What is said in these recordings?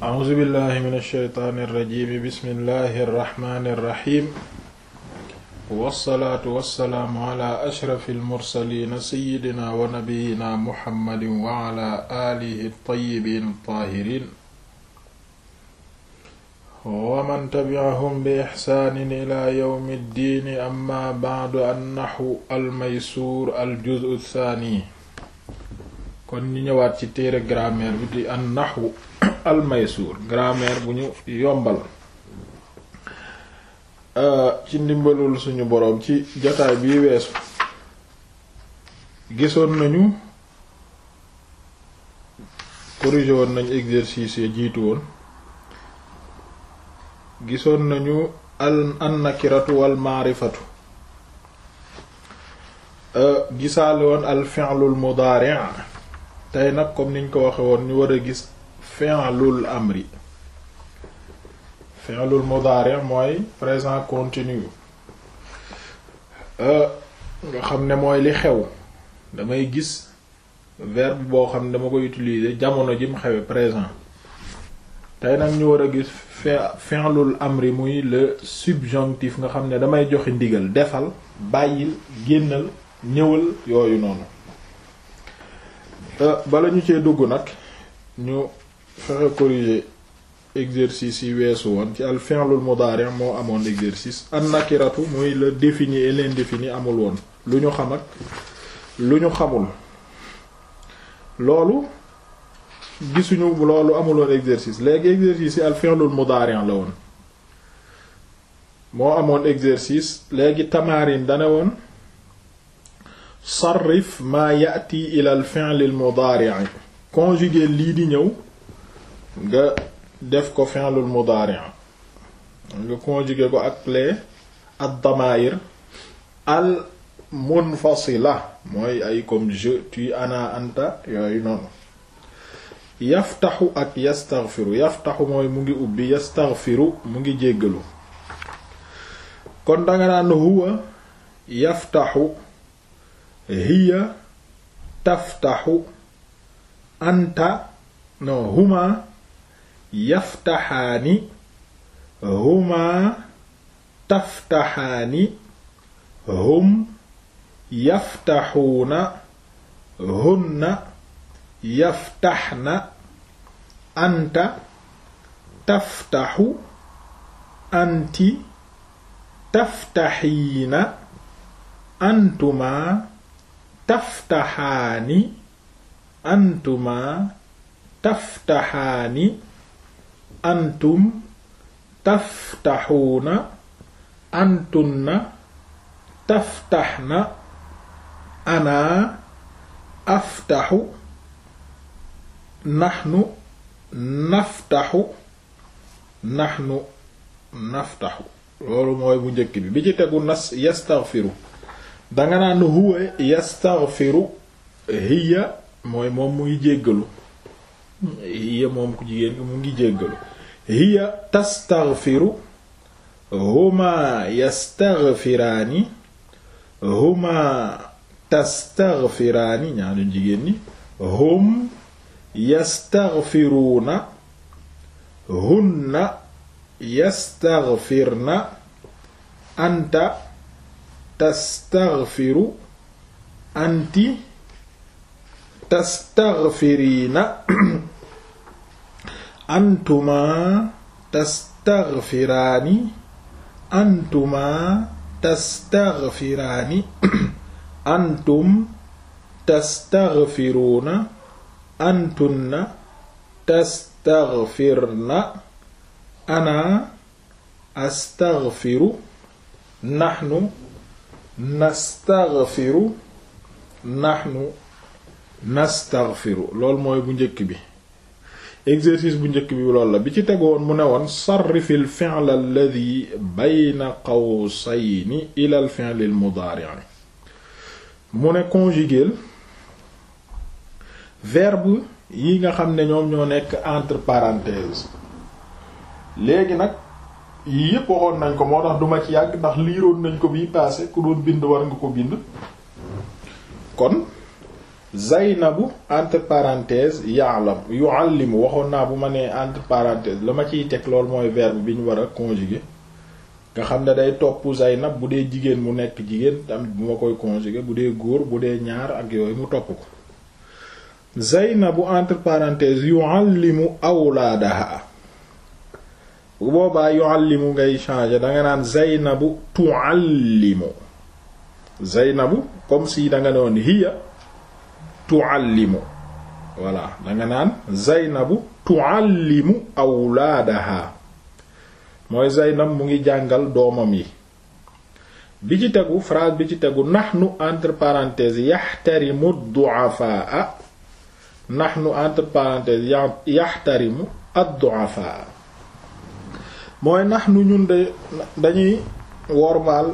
أعوذ بالله من الشيطان الرجيم بسم الله الرحمن الرحيم والصلاة والسلام على أشرف المرسلين سيدنا ونبينا محمد وعلى آله الطيبين الطاهرين ومن تبعهم بإحسان إلى يوم الدين أما بعد النحو الميسور الجزء الثاني kon ñu ñëwaat ci téere grammaire bi di an-nahwu al-Maysûr grammaire bu ñu yombal euh, ci ndimbalul suñu boroom ci jotaay bii weesu gisoon nañu corrigé woon nañu exercice yi jiitu woon gisoon nañu al annakiratu wal maarifatu euh, gisaale woon al fi'lul mudaari' tey nag comme niñ ko waxe woon ñu war a gis fi'lul amri fi'lul mudaari mooy présent continu euh, nga xam ne mooy li xew damay gis verbe boo xam ne dama koy utiliser jamono jim xewe présent tey nag ñu war a gis fi'lul amri muy le subjonctif nga xam ne damay joxe ndigal defal bàyyil génnal ñëwal yooyu noonu euh, bala ñu cee dugg nag ñu fexe corriger exercice yi weesu woon ci al fi'lul mudari' moo amoon exercice an nakiratu muy le défini et l'indéfini amul woon lu ñu xam ak lu ñu xamul loolu gisuñu loolu amuloon exercice léegi exercice yi al fi'lul mudari' la woon moo amoon exercice léegi tamarin dane woon sarrif ma ya'ti ila al fi'l al mudari' lii di ñëw nga def ko fi'lul mudaari' nga conjugué ko ak les ad-damair al munfasila mooy ay comme je tu ana anta yooyu noonu yaftaxu ak yastaxfiru yaftaxu mooy mu ngi ubbi yastaxfiru mu ngi jéggalu kon danga naan huwa yaftaxu hiya taftaxu anta non huma yaftaxaani huma taftaxaani hum yaftaxuuna hunna yaftaxna anta taftaxu anti taftaxiina antumaa taftaxaani antumaa taftaxaani antum na antunna na ana aftaxu naxnu naftaxu naxnu naftaxu loolu mooy bu njëkk bi bi ci tegu nas yastaghfiru danga naan huwa yastaghfiru hiya mooy moom muy jéggalu hiya moom ku jigéen ki mu ngi jéggalu hiya tastaghfiru huma yastaghfiraani huma tastaghfiraani ñaanu jigéen ñi hum yastaghfiruuna hunna yastaghfirna anta tastaghfiru anti tastaghfiriina antuma tastaghfiraani antuma tastaghfiraani antum tastaghfiruuna antunna tastaghfirna ana astaghfiru nahnu nastaghfiru nahnu nastaghfiru loolu mooy bu njëkk bi exercice bu njëkk bi loolu la bi ci tegoon mu ne woon sarrifil fi'l alladhi bayna qawsayni ila al fi'l al mudari' mu ne conjuguer verbe yi nga xam ne ñoom ñoo nekk entre parenthèses léegi nag yii yépp waxoon nañ ko moo tax duma ci yàgg ndax liiroon nañ ko bii passé ku doon bind war nga ko bind kon Zaynabu entre parenthèse ya'lam yu'allimu waxoon naa bu ma nee entre la ma ciy teg loolu mooy verbe bi ñu war a conjuguer nga xam ne day topp Zaynab bu dee jigéen mu nekk jigéen tamit bu ma koy conjuguer bu dee góor bu dee ñaar ak yooyu mu topp ko Zaynabu entre parenthèse yu'allimu awlaadaha bu boobaa yu'allimu ngay changer danga naan Zaynabu tu'allimu Zaynabu comme si danga noon hiya tuallimu voilà da nga naan zaynabu tuallimu awlaadaha mooy zaynab mu ngi jàngal doomam yi bi ci tegu phrase bi ci tegu nax nu parenthèses yaxtarimu du'afaa nahnu entre parenthèses yaxtarimu ad-du'afaa mooy nahnu ñun de dañuy wormaal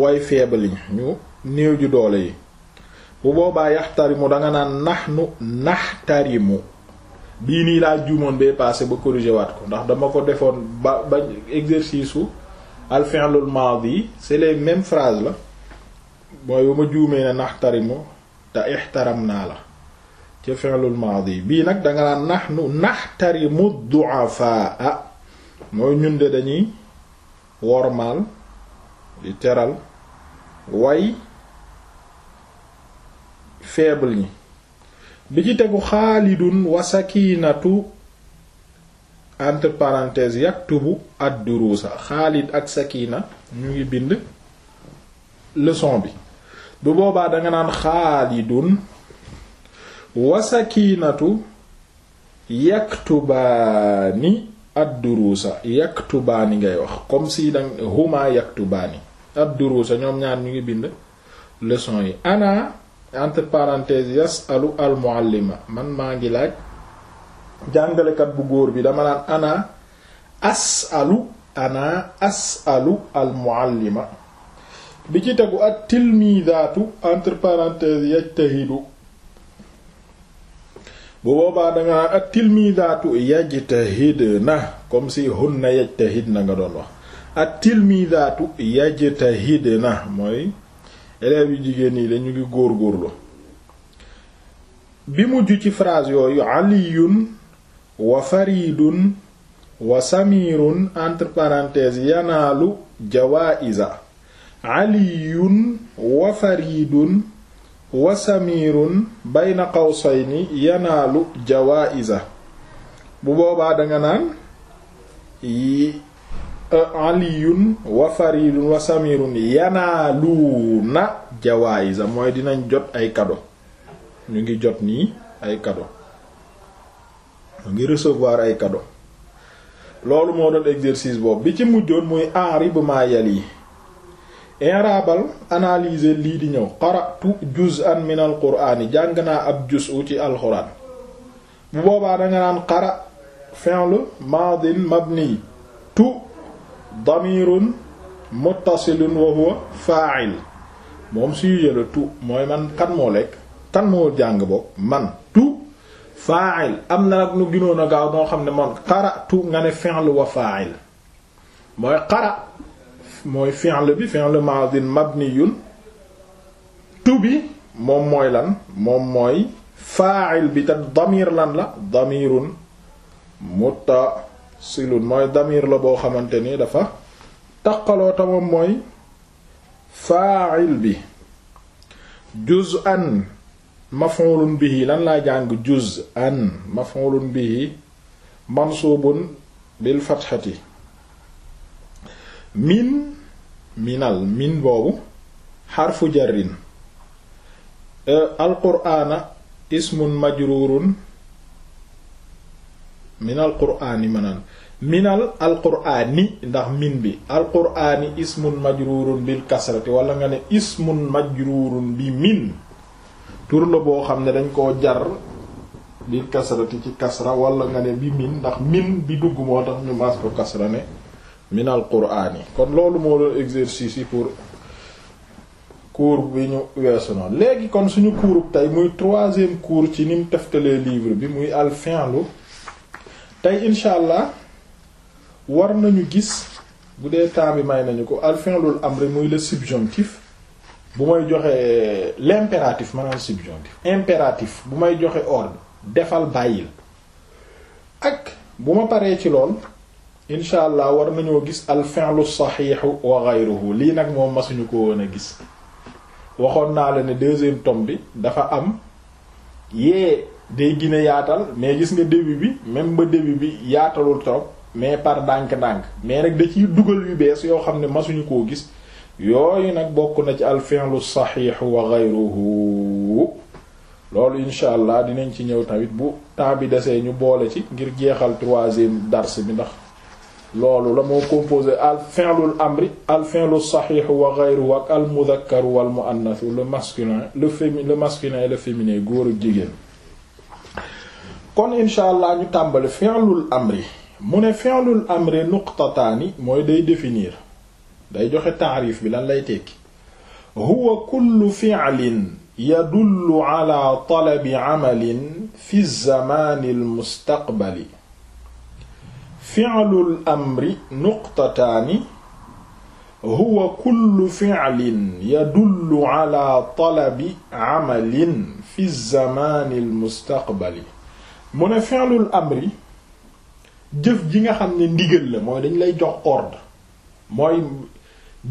way faible ñu néew ju doole yi bu boobaa mu danga naan nax nahnu mu bii nii laa juumoon bee passé ba corrigé waat ko ndax dama ko defoon ba ba exercice u al fi'lul maadi c'est les mêmes phrases la mooy ba ma juumee ne mu te ixtaram naa la ca fi'lul maadi bii nag danga naan nax nu nahnu naxtarimu du'afaa mooy ñun de dañuy wormaal di teral way faible ñi bi ci tegu xaalidun wa sakiinatu entre parenthèses yaktubu ad-duruusa xaalid ak sakiina ñu ngi bind leson bi bu boobaa danga naan xaalidun wa sakiinatu yaktubaani ad-duruusa yaktubaani ngay wax comme si danga huma yaktubaani ad-duruusa ñoom ñaar ñu ngi bind leson yi ana entre parenthèses yasalu al muallima man maa ngi laaj jàngalekat bu góor bi dama naan ana asalu ana asalu al muallima bi ci tegu ak tilmidaatu entre parenthèses yajtahidu bu boobaa danga naan ak tilmidaatu yajtahidna comme si hunna yajtahidna nga doon wax ak tilmidaatu yajtahidna mooy élèves yu jigéen yi dañu ngi góorgóorlu bi mujj ci phrase yooyu aliyun wa faridun wa samirun entre parenthèses yanaalu jawaa'iza aliyun wa faridun wa samirun bayna qawsayni yanaalu jawaa'iza bu boobaa danga naan yi aliyun wa faridun wa samirun yanaaluuna jawaayisa mooy dinañ jot ay kado ñu ngi jot nii ay cadeau ñu ngi recevoir ay cadeau loolu moo doon exercice boobu bi ci mujjoon muy enri bu ma yel yi inraabal analyser lii di ñëw qara'tu juz'an min al qur'ani jàng naa ab juz'u ci alxuraan bu boobaa danga naan qara fi'l madin mabni tu damirun muttasilun wa huwa fa'il moom sujet la tu mooy man kan moo lekk kan moo jàng boog man tu fa'il am na nag nu ginoon gaaw noo xam ne man qara'tu nga ne fi'l wa fa'il mooy qara mooy fi'l bi fi'l madin mabniyun tu bi moom mooy lan moom mooy fa'il bi te damir lan la damirun mutta silun mooy damir la boo xamante ni dafa taqaloo tamam mooy fa'il bi juz'an maf'ulun bihi lan laa jàng juz'an maf'ulun bihi mansubun bil fathati min minal min boobu xarfu jarrin alqur'ana ismun majrurun minal qur'aani manaan minal alqur'aani ndax min bi alqur'aani ismun majruurun bil kasrati wala nga ne ismun majruurun bi min tur la boo xam ne dañ koo jar bil kasrati ci kasra wala nga ne bi min ndax min bi dugg moo tax ñu maas ko kasra ne minal qur'aani kon loolu moo doon exercice yi pour cours bi ñu weesu noonu léegi kon suñu cours tey muy troisième cours ci ni mu teftalee livre bi muy al fi'lu tey insha allah war nañu gis bu dee temps bi may nañu ko al fi'lul amri muy le subjonctif bu may joxe ma maanaam subjonctif impératif bu may joxe ordre defal bàyyil ak bu ma paree ci lool insha allah war nañoo gis al fi'lu saxiixu wa ghayruhu lii nag moom masuñu ko woon a gis waxoon naa la ne deuxième tome bi dafa am yee day gine yaatal mais gis nga début bi même ba début bi yaatalul trop mais par dànk ndànk mais nag da ciy dugal yu bees yoo xam ne masuñu koo gis yooyu nag bokk na ci al fi'lu saxiixu wa ghayruhu loolu incha allah dinañ ci ñëw tamit bu temps bi desee ñu boole ci ngir jeexal troisième dars bi ndax loolu la moo composé al fi'lul amri al fi'lu saxiixu wa ghayruhu ak al mudhakkaru wal mu'annasu le masculin le féminin le masculin et le féminin góor ak jigéen kon incha allah ñu tàmbali fi'lul amri mu ne fi'lul amri nuqtataani mooy day définir day joxe taarif bi lan lay tekki huwa kullu fi'lin yadullu ala talabi amalin fi zamaani almustaqbali fi'lul amri nuqtataani huwa kullu fi'lin yadullu ala talabi amalin fi zamaani almustaqbali mu ne fi'lul amri jëf ji nga xam ne ndigal la mooy dañ lay jox ordre mooy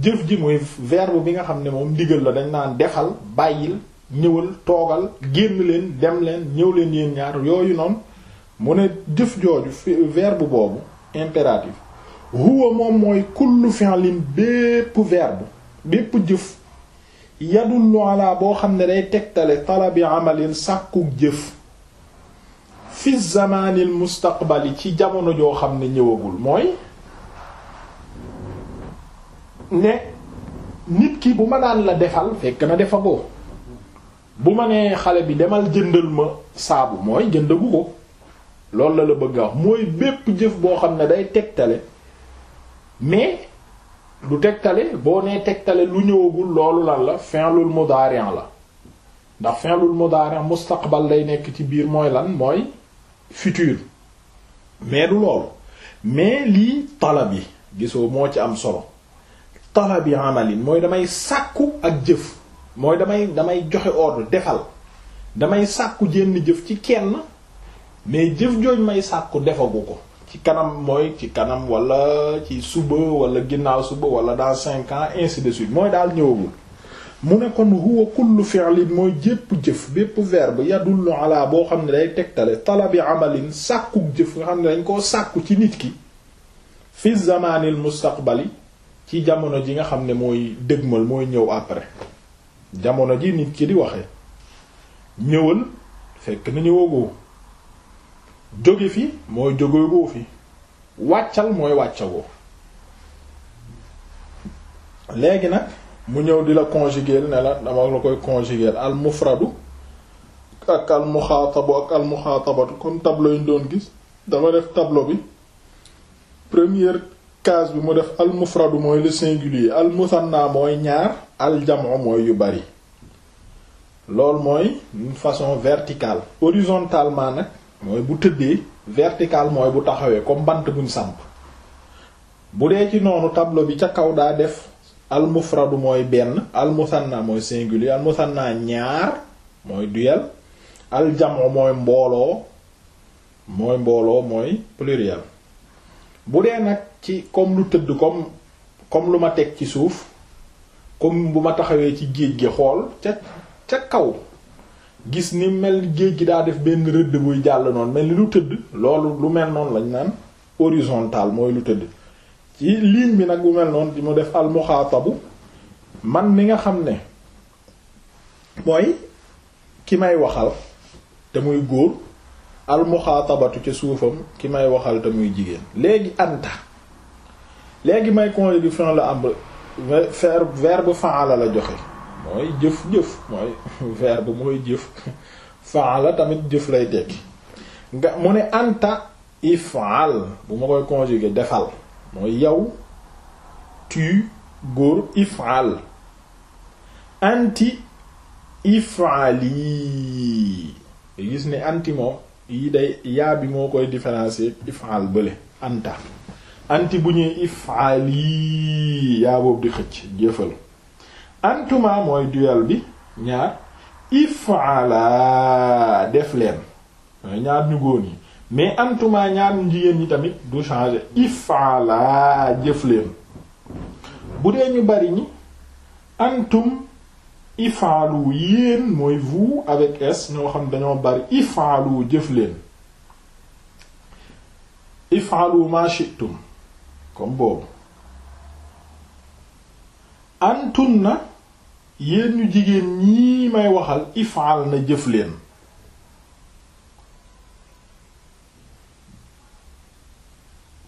jëf ji mooy verbe bi nga xam ne moom ndigal la dañ naan dexal bàyyil ñëwal toogal génn leen dem leen ñëw leen yéen ñaar yooyu noonu mu ne jëf jooju verbe boobu impératif huwa moom mooy kullu fi'lin bépp verbe bépp jëf yadullu ala boo xam ne day tegtale talabi amalin sàkkuk jëf fis zamanil mustaqbali ci jamono joo xam ne ñëwagul mooy ne nit ki bu ma daan la defal fekk na defagoo bu ma nee xale bi demal jëndal ma saabu mooy jëndagu ko loolu la la bëgg a mooy bépp jëf boo xam ne day tegtale mais lu tegtale boo nee tegtale lu ñëwagul loolu lan la fi'lul mudari' la ndax fi'lul mudari' mustaqbal day nekk ci biir mooy lan mooy futur mais du loolu mais lii talab yi gisoo moo ci am solo talabi amalin mooy damay sàkku ak jëf mooy damay damay joxe ordre defal damay sàkku jenn jëf ci kenn mais jëf jooj may sàkku defagu ko ci kanam mooy ci kanam wala ci suba wala ginnaaw suba wala dans cinq ans ainsi de suite mooy daal ñëwagul mu ne kon huwa kullu fi'lin mooy jépp jëf bépp verbe yadullu ala boo xam ne day tegtale talabi amalin sàkku jëf nga xam ne dañ koo sàkku ci nit ki fi zamanil mustaqbali ci jamono ji nga xam ne mooy dëgmal mooy ñëw après jamono ji nit ki di waxee ñëwal fekk na ñëwagoo jóge fi mooy jógegoo fi wàccal mooy wàccagoo léegi nag mu ñëw di la conjuguer ne la dama la koy conjuguer al ak al ak al comme tableau yi ñu doon gis dama def tableau bi première case bi mu def al mooy le singulier al musanna mooy ñaar al mooy yu bari loolu mooy une façon verticale horizontalement nag mooy bu tëddee verticale mooy bu taxawee comme bant buñ samp bu dee ci noonu tableau bi ca kaw daa def al mufradu mooy benn al musanna mooy singulier al musanna ñaar mooy duel al jamu mooy mbooloo mooy mbooloo mooy pluriel bu dee nag ci comme lu tëdd comme comme lu ma teg ci suuf comme bu ma taxawee ci géej gi xool ca ca kaw gis ni mel géej gi daa def benn rëdd buy jàll noonu mel ni lu tëdd loolu lu mel noonu lañ naan horizontal mooy lu tëdd ci ligne bi nag bu mel noonu di mu def al man mi nga xam ne mooy ki may waxal te muy góor al muxaatabatu ca suufam ki may waxal te muy jigéen léegi anta léegi may conjugaison la am faire verbe fa'ala la joxe mooy jëf jëf mooy verbe mooy jëf fa'ala tamit jëf lay tekki nga mu ne anta if'al bu ma koy conjuguer defal mooy yow tu góor ifal anti ifali gis ni anti moom yi day yaa bi moo koy différencier ifal bële anta anti bu ñuy ifali yaa boobu di xëcc jëfal antuma mooy duel bi ñaar ifala def leen ñaar ñu góor yi mais antuma ñaarum jigéen ñi tamit du changer ifala jëf leen bu dee ñu bari ñi antum ifaalu yéen mooy vous avec s ñoo xam dañoo bari ifaalu jëf leen ifaalu ma shi'tum comme boobu antun na yéen ñu jigéen ñii may waxal ifaal na jëf leen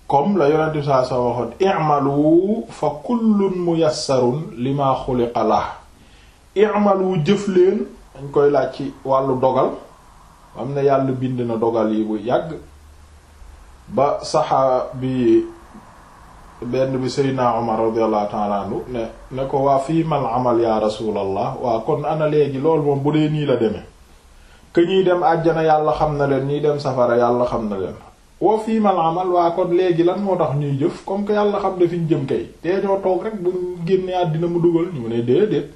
comme la yonente saa sa waxoon i'malu fa kullun muyassarun lima xuliqa la i'malu jëf leen dañ koy laaj ci wàllu dogal am na yàlla bind na dogal yi bu yàgg ba saxaa bi benn bi seydna omar radiallahu taala anhu ne ne ko waa fii mal amal ya rasulallah waa kon ana léegi loolu moom bu dee nii la demee que ñuy dem àjjana yàlla xam na leen ñuy dem safara yàlla xam na leen woo fii mal amal waa kon léegi lan moo tax ñuy jëf comme que yàlla xam ne jëm kay tee ñoo toog rek bu génnee àddina mu dugal ñu ne déedéet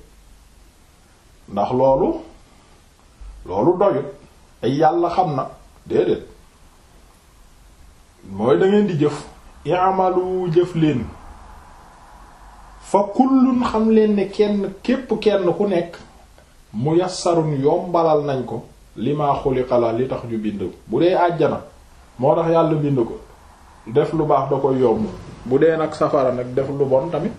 ndax loolu loolu doyut ay yàlla xam na déedéet mooy da di jëf i'malu jëf leen fa kullun xam leen ne kenn képp kenn ku nekk mu muyassarun yombalal nañ ko li maa xuliqa xalaa li tax ñu bind bu dee àjjana moo tax yàlla bind ko def lu baax da koy yomb bu dee nag safara nag def lu bon tamit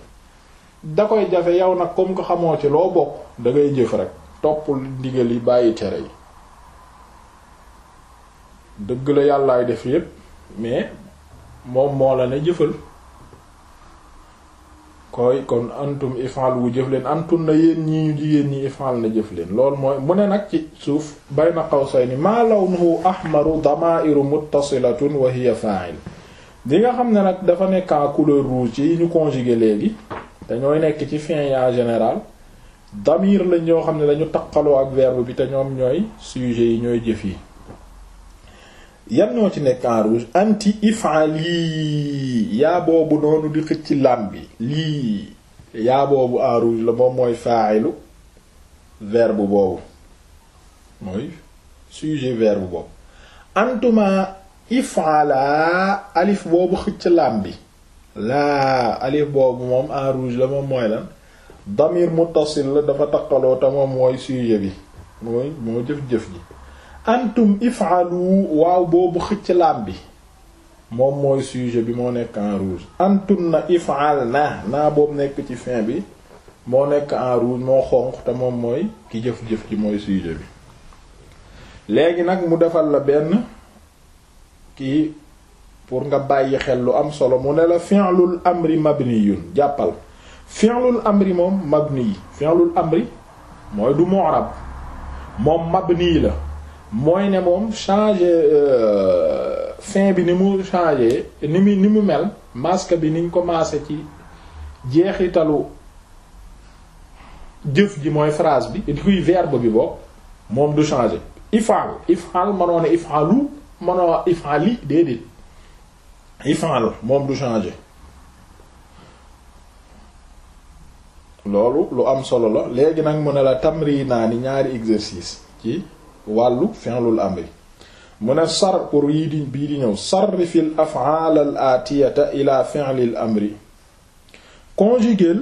da koy jafe yow nag comme ko xamoo ci loo bokk da ngay jëf rek toppul ndigal yi bàyyi tere yi dëgg la yàllaay def yépp mais moom moo la ne jëfal koy kon antum ifal wu jëf leen antum na yéen ñii ñu jigéen ñi ifal na jëf leen loolu mooy mu ne nag ci suuf na xaw bayna qawsayni maa lawnuhu ahmaru damairu muttasilatun wa hiya fa'il li nga xam ne nag dafa nekk en couleur ci yi ñu conjugué léegi dañooy nekk ci fin yi en général damir lañ yoo xam ne dañu taqaloo ak verbe bi te ñoom ñooy sujet yi ñooy jëf yi yan ñoo ci nekk en rouge anti ifan lii yaa boobu noonu di xëcc lam bi lii yaa boobu en rouge la moom mooy fa'ilu verbe boobu mooy sujet verbe boobu antuma la alif boobu xëcc lam bi laa alif boobu moom en rouge la moom mooy lan damir muttasil la dafa takkaloo te mooy sujet bi mooy moo jëf-jëf ji antum ifaalu waaw boobu xëcc laam bi moom mooy sujet bi moo nekk en rouge antum na ifaal na naa boobu nekk ci fin bi moo nekk en moo xonq te moom mooy ki jëf-jëf ji mooy sujet bi léegi nag mu defal la benn ki pour nga bàyyi xel lu am solo mu ne la fi'lul amri mabniyun jàppal fi'lul amri moom mabni fi'lul amri mooy du mu'rab moom mabni la mooy ne moom changé euh, fin bi ni mu changé ni mu ni mu mel masque bi niñ ko maase ci jeexitalu jëf ji mooy phrase bi di kuy verbe bi bokk moom du changé ifal ifal manoo ne ifalu manoo ifali déedéet ifal moom du changé loolu lu am solo la léegi nag mu ne la tamri naa ni ñaari exercice ci wàllu fi'lul amri mu ne sar pour yii di bii di ñëw sarrifil af'al al atiyata ila fi'lil amri conjuguer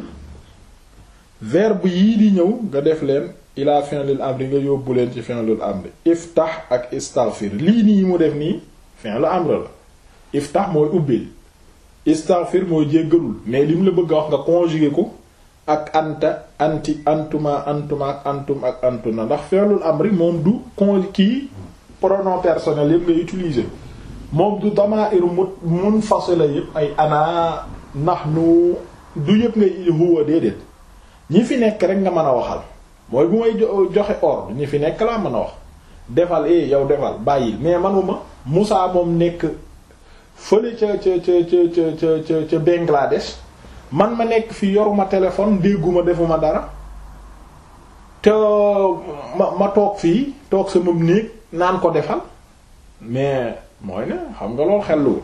verbe yii di ñëw nga def leen ila fi'lil amri nga yóbbu leen ci fi'lul amri iftah ak istaghfir lii nii mu def nii fi'lul amr la iftah mooy ubbil istaghfir mooy jéggalul mais lim la bëgg a wax nga conjuguer ko ak anta anti antuma antuma ak antum ak antuna ndax fi'lul amri moom du kon kii pronom personnel yëpp ngay utiliser moom du damair mu munfasila yëpp ay ana nahnu du yëpp ngay huwa déedéet ñi fi nekk rek nga mën a waxal mooy bu may joxe ordre ñi fi nekk laa mën a wax defal eh yow defal bàyyil mais manuma Moussa moom nekk fële ca ca ca ca ca ca Bangladesh man ma nekk fi yoruma téléphone dégguma defuma dara te ma ma toog fii toog sa sama néeg naan ko defal mais mooy ne xam nga lool xelluwul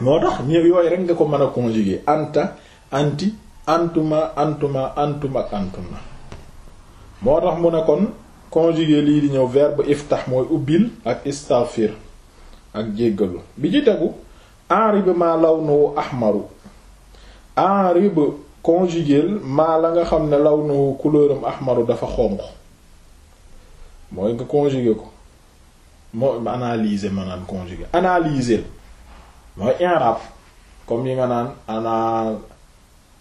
moo tax ñëw yooyu rek nga ko mën a conjuguer anta anti antuma antuma antuma antuma moo tax mu ne kon conjuguer lii di ñëw verbe iftax mooy ubbil ak istaghfir ak jéggalu bi ci tegu enribi ma law nu ahmaru enrib conjuguel maa la nga xam ne law nu couleuram ahmaru dafa xonq mooy nga conjuguer ko moo analyser ma naan conjuguer analyser mooy i'rab comme yi nga naan ana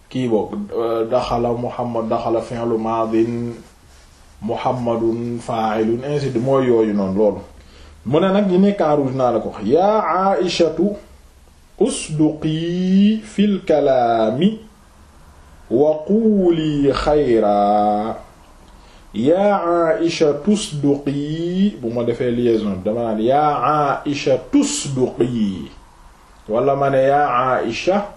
kii boog euh, daxala muhammad daxala fi'lu madin muhammadun fa'ilun ainsi de mooy yooyu noonu loolu mu ne nag yi nekk rouge naa la ko wax yaa aïshatu usduqi fil kalaami wa quuli xayraa yaa Aïcha tusduqi bu ma defee liaison bi dama naan yaa Aïcha tusduqi wala ma ne yaa Aïcha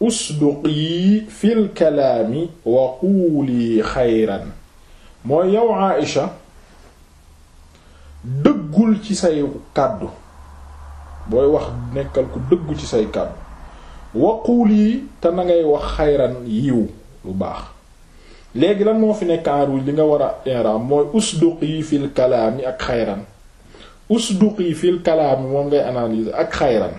usduqi fil kalaami wa quuli xayran mooy yow Aïcha dëggul ci say kàddu booy wax nekkal ko dëggu ci say kàddu waquul yi te na ngay wax xayran yiw lu baax léegi lan moo fi nekk en rouge li nga war a inram mooy usduq yi fil kalaami ak xayran usduq yi fil kalaami moom ngay analyser ak xayran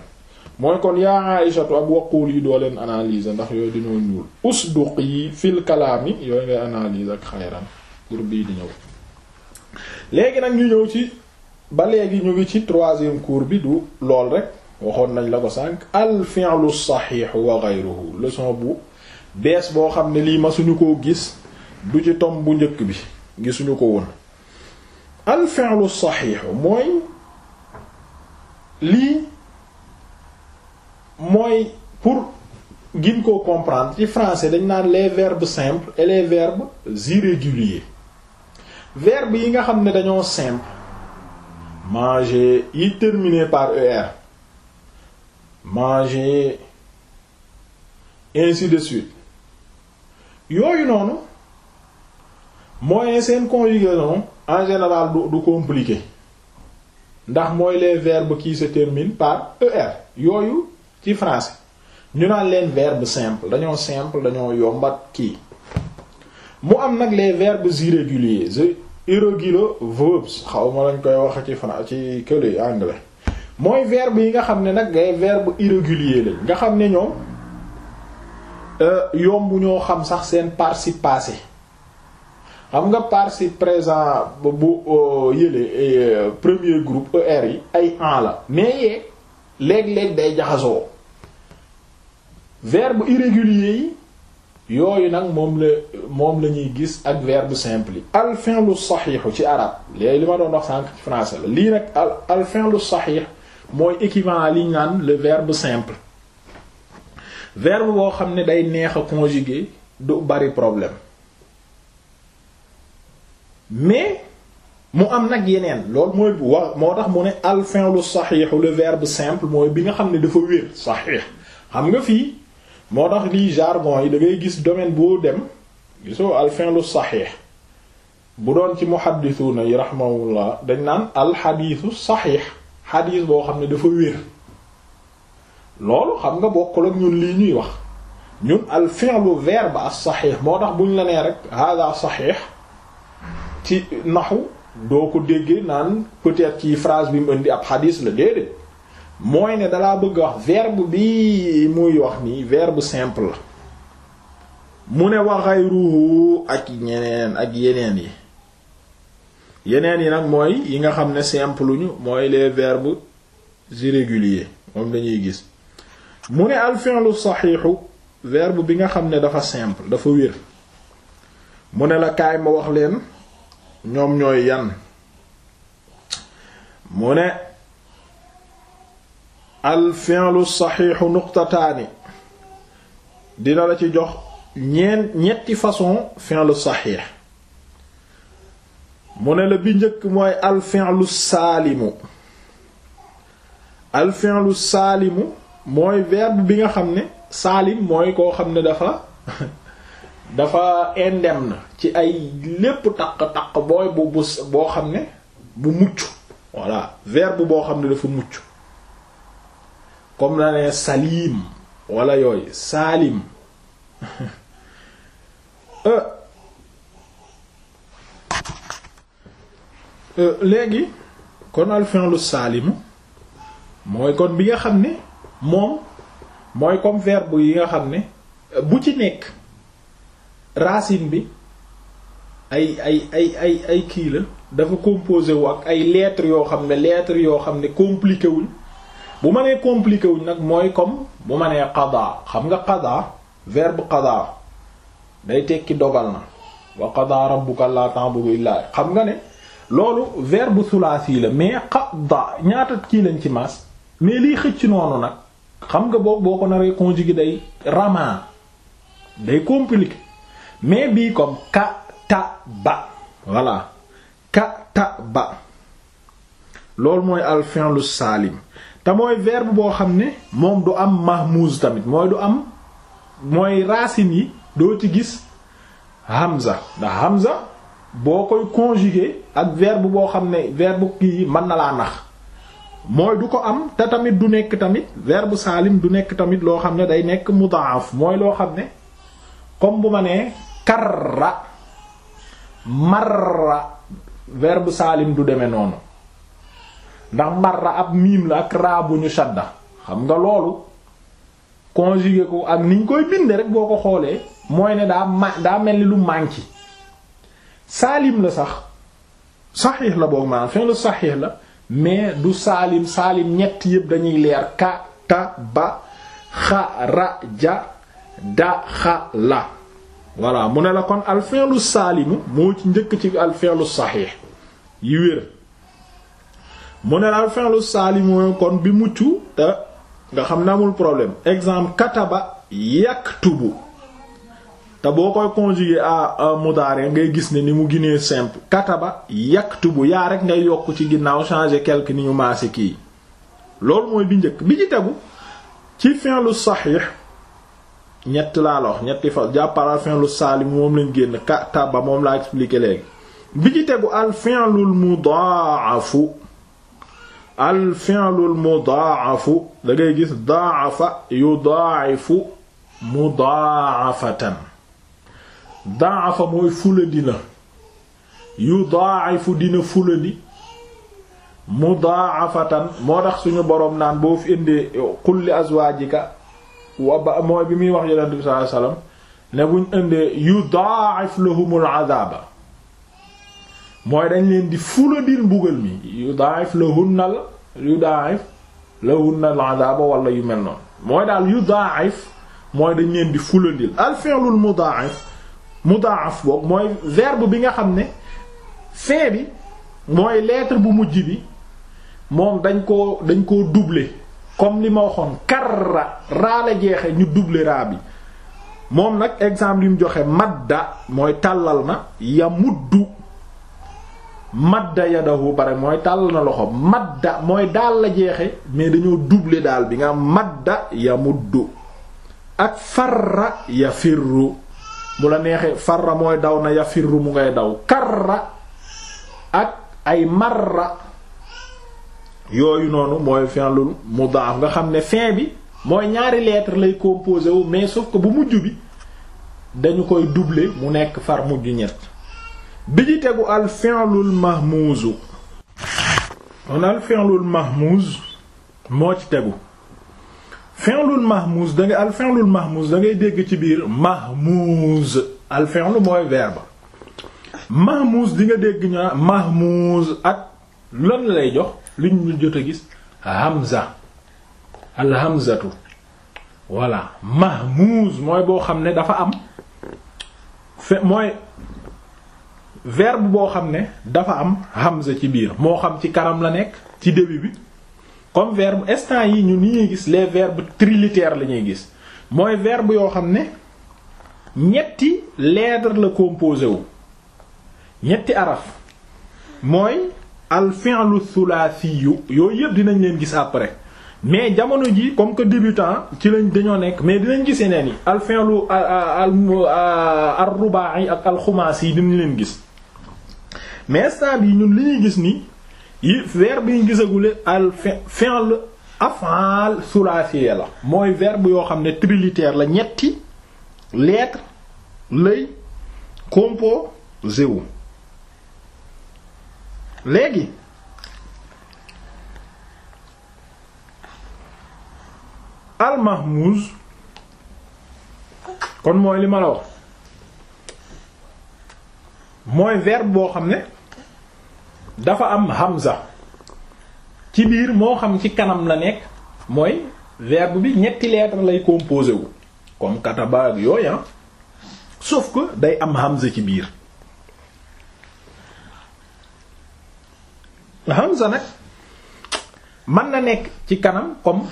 mooy kon yaa Aïshatu ak yi doo leen analyser ndax yooyu dañoo ñuul usduq yi fil kalaami yooyu ngay analyser ak xayran pour bii di ñëw léegi nag ñu ñëw ci ba léegi ñu ngi ci troisième cours bi du lool rek waxoon nañ la ko sànq al fi'lu saxiix wa ghayruhu leçon bu bees boo xam ne lii ma suñu koo gis du ci tom bu njëkk bi gisuñu ko woon al fi'lu saxiix mooy lii mooy pour gin ko comprendre ci français dañ naan les verbes simples et les verbes irréguliers verbes yi nga xam ne dañoo simple manger yi terminé par er manger ainsi de suite yooyu noonu mooy seen conjugaison en général du du compliqué ndax mooy les verbes qui se terminent par er yooyu ci français ñu naan leen verbe simple dañoo simple dañoo yombat kii mu am nag les verbes irréguliers irregular-verbs xaw ma lañ koy wax ci français ci yi anglais mooy verbe yi nga xam ne nag ngay verbe irrégulier lañ nga xam ne ñoom euh, yomb ñoo xam sax seen participe passé xam nga participe présent bu euh, yële euh, premier groupe er yi ay en la mais yee léeg-léeg day jaxasoo verbe irrégulier yi yooyu nag moom la moom la ñuy gis ak verbe simple yi al fi'lu saxiixu ci arab léegi li ma doon wax sànq ci la lii nag al al fi'lu saxiix mooy équivalent li ñu naan le verbe simple verbe woo xam ne day neex a conjuguer du bari problème mais mu am nag yeneen loolu mooy wax moo tax mu ne al fi'lu saxiixu le verbe simple mooy bi nga xam ne dafa wér saxiix xam nga fii moo tax lii jargon yi da ngay gis domaine boo dem gisoo alfinlu saxiix bu doon ci muhaddisuuna yi rahmahullah dañ naan alxadiisu saxiix xadiis boo xam ne dafa wér loolu xam nga bokkul ak ñun lii ñuy wax ñun alfinlu verbe as saxiix moo tax buñ la nee rek hada saxiix ci naxu doo ko déggee naan peut ci frase bi mu di ab xadiis la déedéet mooy ne dalaa bëgg wax verbe muy wax nii verbe simple la mu ne wa ghayruhu ak ñeneen ak yeneen yi yeneen yi nag mooy yi nga xam ne simple ñu mooy les verbes irréguliers moom lañuy gis mu ne al fi'lu saxiixu verbe bi nga xam ne dafa simple dafa wér mu ne la kaay ma wax leen ñoom ñooy yan mu ne al fi'lu saxiixu nuqtataani dina la ci jox ñeen façon fi'lu saxiix mu ne la bi njëkk mooy al fi'lu saalimu al saalimu mooy verbe bi nga xam ne saalim mooy koo xam ne dafa dafa indemne ci ay lépp taq-taq booy bu bu boo xam ne bu mucc voilà verbe boo xam ne dafa mucc comme na ne salim wala yooyu saalim euh, euh, léegi kon al fi'lu mooy kon bi nga xam ne moom mooy comme verbe yi nga xam ne euh, bu ci nekk racine bi ay ay ay ay ay kii la dafa composé wu ak ay lettres yoo xam ne lettres yoo xam ne compliqué wul bu ma nee compliqué wuñ nag mooy comme bu ma nee qada xam nga qada verbe qada day tekki dogal na wa qada rabbuka alla ta'budu illa xam nga ne loolu verbe sulaasi la mais qada ñaata kii lañ ci maas mais liy xëcc noonu nag xam nga boo boo ko naree gi day rama day compliqué mais bii comme ka ta ba voilà ka ta ba loolu mooy al lu saalim te mooy verbe boo xam ne moom du am mahmuz tamit mooy du am mooy racines yi doo ci gis hamza ndax hamza boo koy conjuguer ak verbe boo xam ne verbe kii mën na laa nax mooy du ko am te tamit du nekk tamit verbe saalim du nekk tamit loo xam ne day nekk mudaaf mooy loo xam ne comme bu ma nee karra marra verbe saalim du demee noonu ndax marra ab miim la ak raa bu ñu shadda xam nga loolu conjugué ak niñ koy binde rek boo ko xoolee mooy ne daa ma daa mel ni lu manqué saalim la sax saxiix la boog maanaam fin la saxiix la mais du saalim saalim ñett yépp dañuy leer ka ta ba xa ra ja da xa la voilà mu ne la kon al fi'lu saalimu moo ci njëkk ci al fi'lu saxiix yi wér mu ne daal fi'lu saalim mooy bi mucc nga xam ne amul problème exemple kataba yaktubu te boo koy conjuguer à mudaare ngay gis ne ni mu ginee simple kataba yaktubu yaa rek ngay yokk ci ginnaaw changer quelque ni kii loolu mooy bi njëkk bi tegu ci fi'lu sahih ñett laa la ñetti fa jàppal al fi'lu moom lañ génn ba moom laa expliqué léegi bi ci tegu al fi'lul mudaafu al fi'lu mudaafu da ngay gis daafa yudaafu mudaafatan daafa mooy fulandi na yudaafu dina fulandi mudaafatan moo tax suñu boroom naan boo fi indee qul li azwaajika wa ba mooy bi muy wax yonent bi sallallahu alayhi ne buñ indee yudaa'if lahumul azaaba mooy dañ leen di fula dir mbugal mi yu daif lahunnal yu daif lahunnal adaba wala yu mel noonu mooy daal yu daif mooy dañ leen di fulandil al fi'lul mudaaf mudaaf boog mooy verbe bi nga xam ne fin mooy lettre bu mujj bi moom dañ ko dañ ko duble comme li ma waxoon karra raa la jeexe ñu doubler raa bi moom nag exemple yi joxe madda mooy tàllal na yamuddu madda yadahu pare mooy tàll na loxo madda mooy daal la jeexe mais dañoo duble daal bi nga madda ya muddu ak farra ya firru bu la neexee farra mooy daw na ya firru mu ngay daw karra ak ay marra yooyu noonu mooy mu daax nga xam ne fin bi mooy ñaari lettre lay composé wu mais sauf ko bu mujj bi dañu koy duble mu nekk far mujj ñett bi ci tegu al fi'lul mahmuuzu kon moo ci tegu fi'lul mahmuuz da nga al fi'lul dégg ci biir mahmuuz al fi'lu mooy verbe mahmuuz nga dégg ñu naan mahmuuz ak lan jox liñ jot a gis hamza al hamzatu mahmuuz mooy boo xam ne dafa am fe mooy. verbe boo xam ne dafa am hamza ci biir moo xam ci kanam la nekk ci début bi comme verbe instant yi ñu ni ñuy gis les verbes trilitères la ñuy gis mooy verbe yoo xam ne ñetti lettre la composé wu ñetti araf mooy al fi'lu thulathi yu yooyu yëpp dinañ leen gis après mais jamono ji comme que débutant ci lañ dañoo nekk mais dinañ gis yeneen yi al fi'lu al al ruba'i ak al xumaasi yi dinañ leen gis mais instant bi ñun li ñuy gis nii yi verbe yi gisagule al fi'l af'al thulathiyya la mooy verbe yoo xam ne trilitère la ñetti lettre lay composé wu léegi al mahmuz kon mooy li ma la wax mooy verbe boo xam ne dafa am hamza ci biir moo xam ci kanam la nekk mooy verbe bi ñetti lettre lay composé wu comme kataba ak yooyu sauf que day am hamza ci biir hamza nag man na nekk ci kanam comme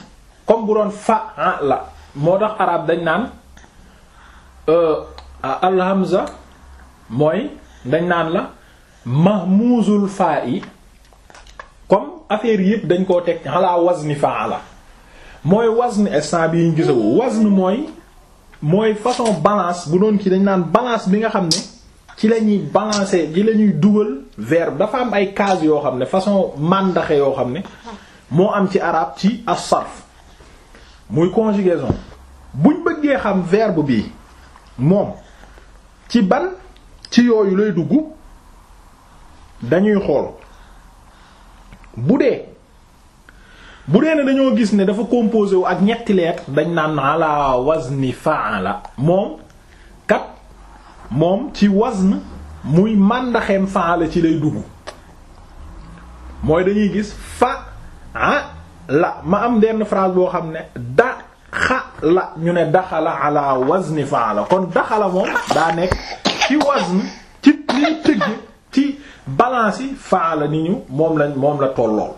comme bu doon fa'ala moo tax arab dañ naan euh, al mooy dañ naan la mahmuzul yi comme affaire yëpp dañ koo teg ci ala wazni fa'ala mooy wazn instant bi ñu gisawu wazn mooy mooy façon balance bu doon ci dañ naan balance bi nga xam ne ci la ñuy balancer ci lañuy dugal verbe dafa am ay cases yoo xam ne façon mandaxe yoo xam ne moo am ci arabe ci as-sarf muy conjugaison buñ bëggee xam verbe bi moom ci ban ci yooyu lay dugg dañuy xool bu dee bu dee ne dañoo gis ne dafa composé wu ak ñetti lettres dañ naan ala wazni fa'ala moom kat moom ci wazn muy màndaxeem fa'ala ci lay dugg mooy dañuy gis fa'ala ma am benn phrase boo xam ne da xala ñu ne daxala ala wazni fa'ala kon daxala moom daa nekk ci wazn ci liy tëgg ci balance yi faala ni ñu moom lañ moom la tollool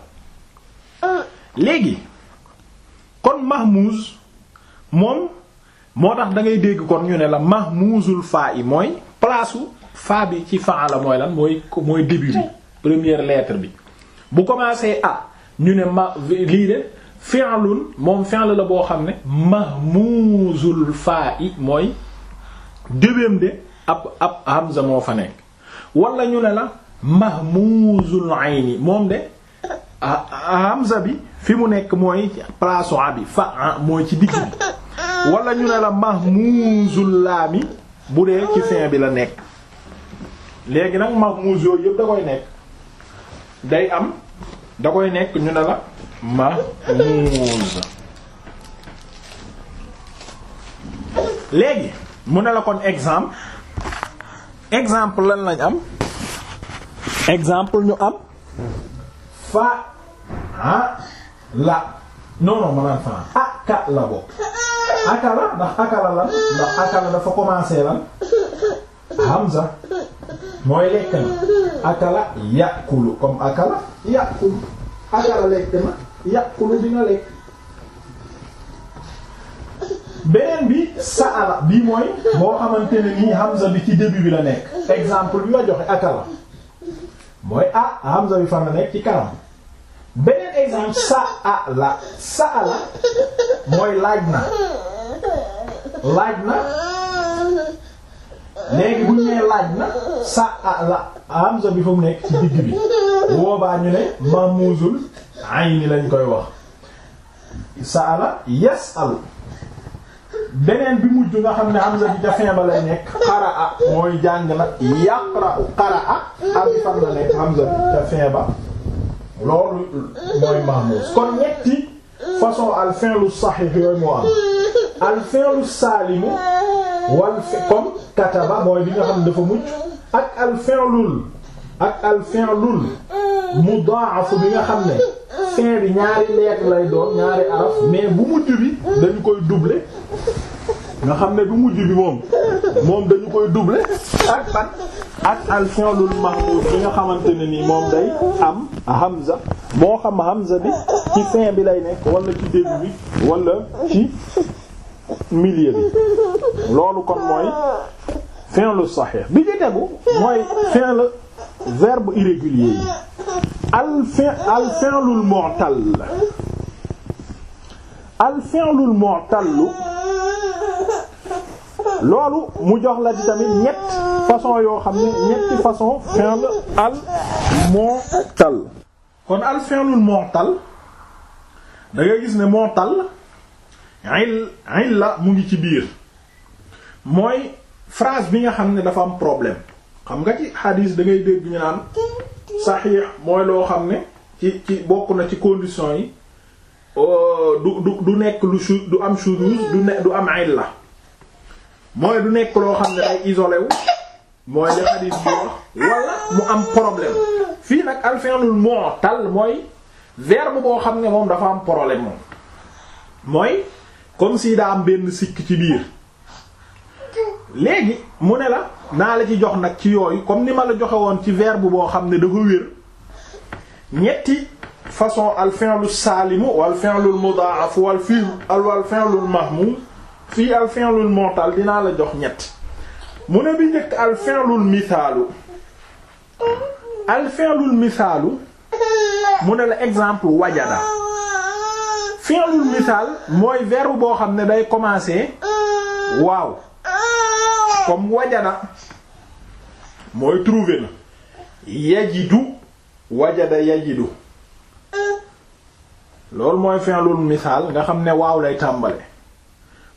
léegi kon mahmuz moom moo tax dangay dégg kon ñu ne la mahmuzul faa yi mooy place u faa bi ci faala mooy lan mooy mooy bi première lettre bi bu commencé a ñu ne ma lii de fi'lun moom fi'l la boo xam ne mahmuzul faa i mooy début de ab ab hamza moo fa nekk wala ñu ne la mahmuzul ayni moom de ah, ah, hamza bi fi mu nekk mooy place abi fa ah, mooy ci digg bi wala ñu ne la mahmuzul laami bu dee ci fin bi la nekk léegi nag mahmuz yooyu yëpp da koy nekk day am da koy nekk ñu ne la mahmuz léegi mu ne la kon exemple exemple lan lañ am exemple ñu am fa ah la non ma naan fa aka la bopp aka la ndax aka la lan ndax aka la dafa commencé lan hamza mooy lekk na aka la yàqulu comme aka la yàqulu aka la lekk na yàqulu dina lekk beneen bi saala bi mooy boo xamante ne nii hamza bi ci début bi la nekk exemple bi ma joxe aka la mooy a hamza bi fan la nekk ci kanam beneen exemple sa'ala sa'ala mooy laaj na laaj na léegi bu ñu nee laaj na sa'ala hamza bi fa mu nekk ci digg bi boobaa ñu ne mahmuzul ayni lañ koy wax sa'ala yas'al beneen bi mujj nga xam ne am na bi dafin ba lay nekk qaraa mooy jàng nag yaqra'u qaraa am fan la nekk am na bi dafin ba loolu mooy maamuus kon ñetti façon al fi'lu sahih yooyu moo am al fi'lu saalimu wal comme kataba mooy bi nga xam ne dafa mucc ak al fi'lul ak al fi'lul mudha'af bi nga xam ne fin bi ñaari leet lay doon ñaari araf mais bu mujj bi dañu koy duble nga xam ne bu mujj bi moom moom dañu koy duble ak ban ak al fi'lul mahmud bi nga xamante ne nii moom day am hamza moo xam hamza bi ci fin bi lay nekk wala ci début bi walla ci milieu bi loolu kon mooy fi'lu sahih bi ci tegu mooy la verbe irrégulier yi al fin al fi'lul mu'tal al loolu mu jox la ci tamit ñett façon yoo xam ne ñetti façon fi'l al mu'tal kon al fi'lul mu'tal da gis ne mu'tal il la mu ngi ci biir mooy phrase bi nga xam ne dafa am problème xam nga ci hadis da ngay dégg ñu naan saxiix mooy loo xam ne ci ci bokk na ci conditions yi euh, du du du nekk lu su du am shuruz du ne du am ay la mooy du nekk loo xam ne day isolé mooy li xadis bi wax wala mu am problème fii nag al fi'lul tal mooy verbe boo xam ne moom dafa am problème moom mooy comme si daa am benn sikk ci biir léegi mu ne la naa la ci jox nag ci yooyu kon ni ma la joxe woon ci verbe boo xam ne dafa wér ñetti façon al fi'lu saalimu wal fi'lu mudaaf wal fi wal fi'lu mahmum fii al dinaa la jox ñett mu ne bi njëkk al fi'lu misaalu al misaalu mu ne la exemple wajada fi'lu misaal mooy verbe boo xam ne day commencer waaw comme wajana mooy trouver na yajidu wajada yajidu loolu mooy fi'lul misaal nga xam ne waaw lay tàmbale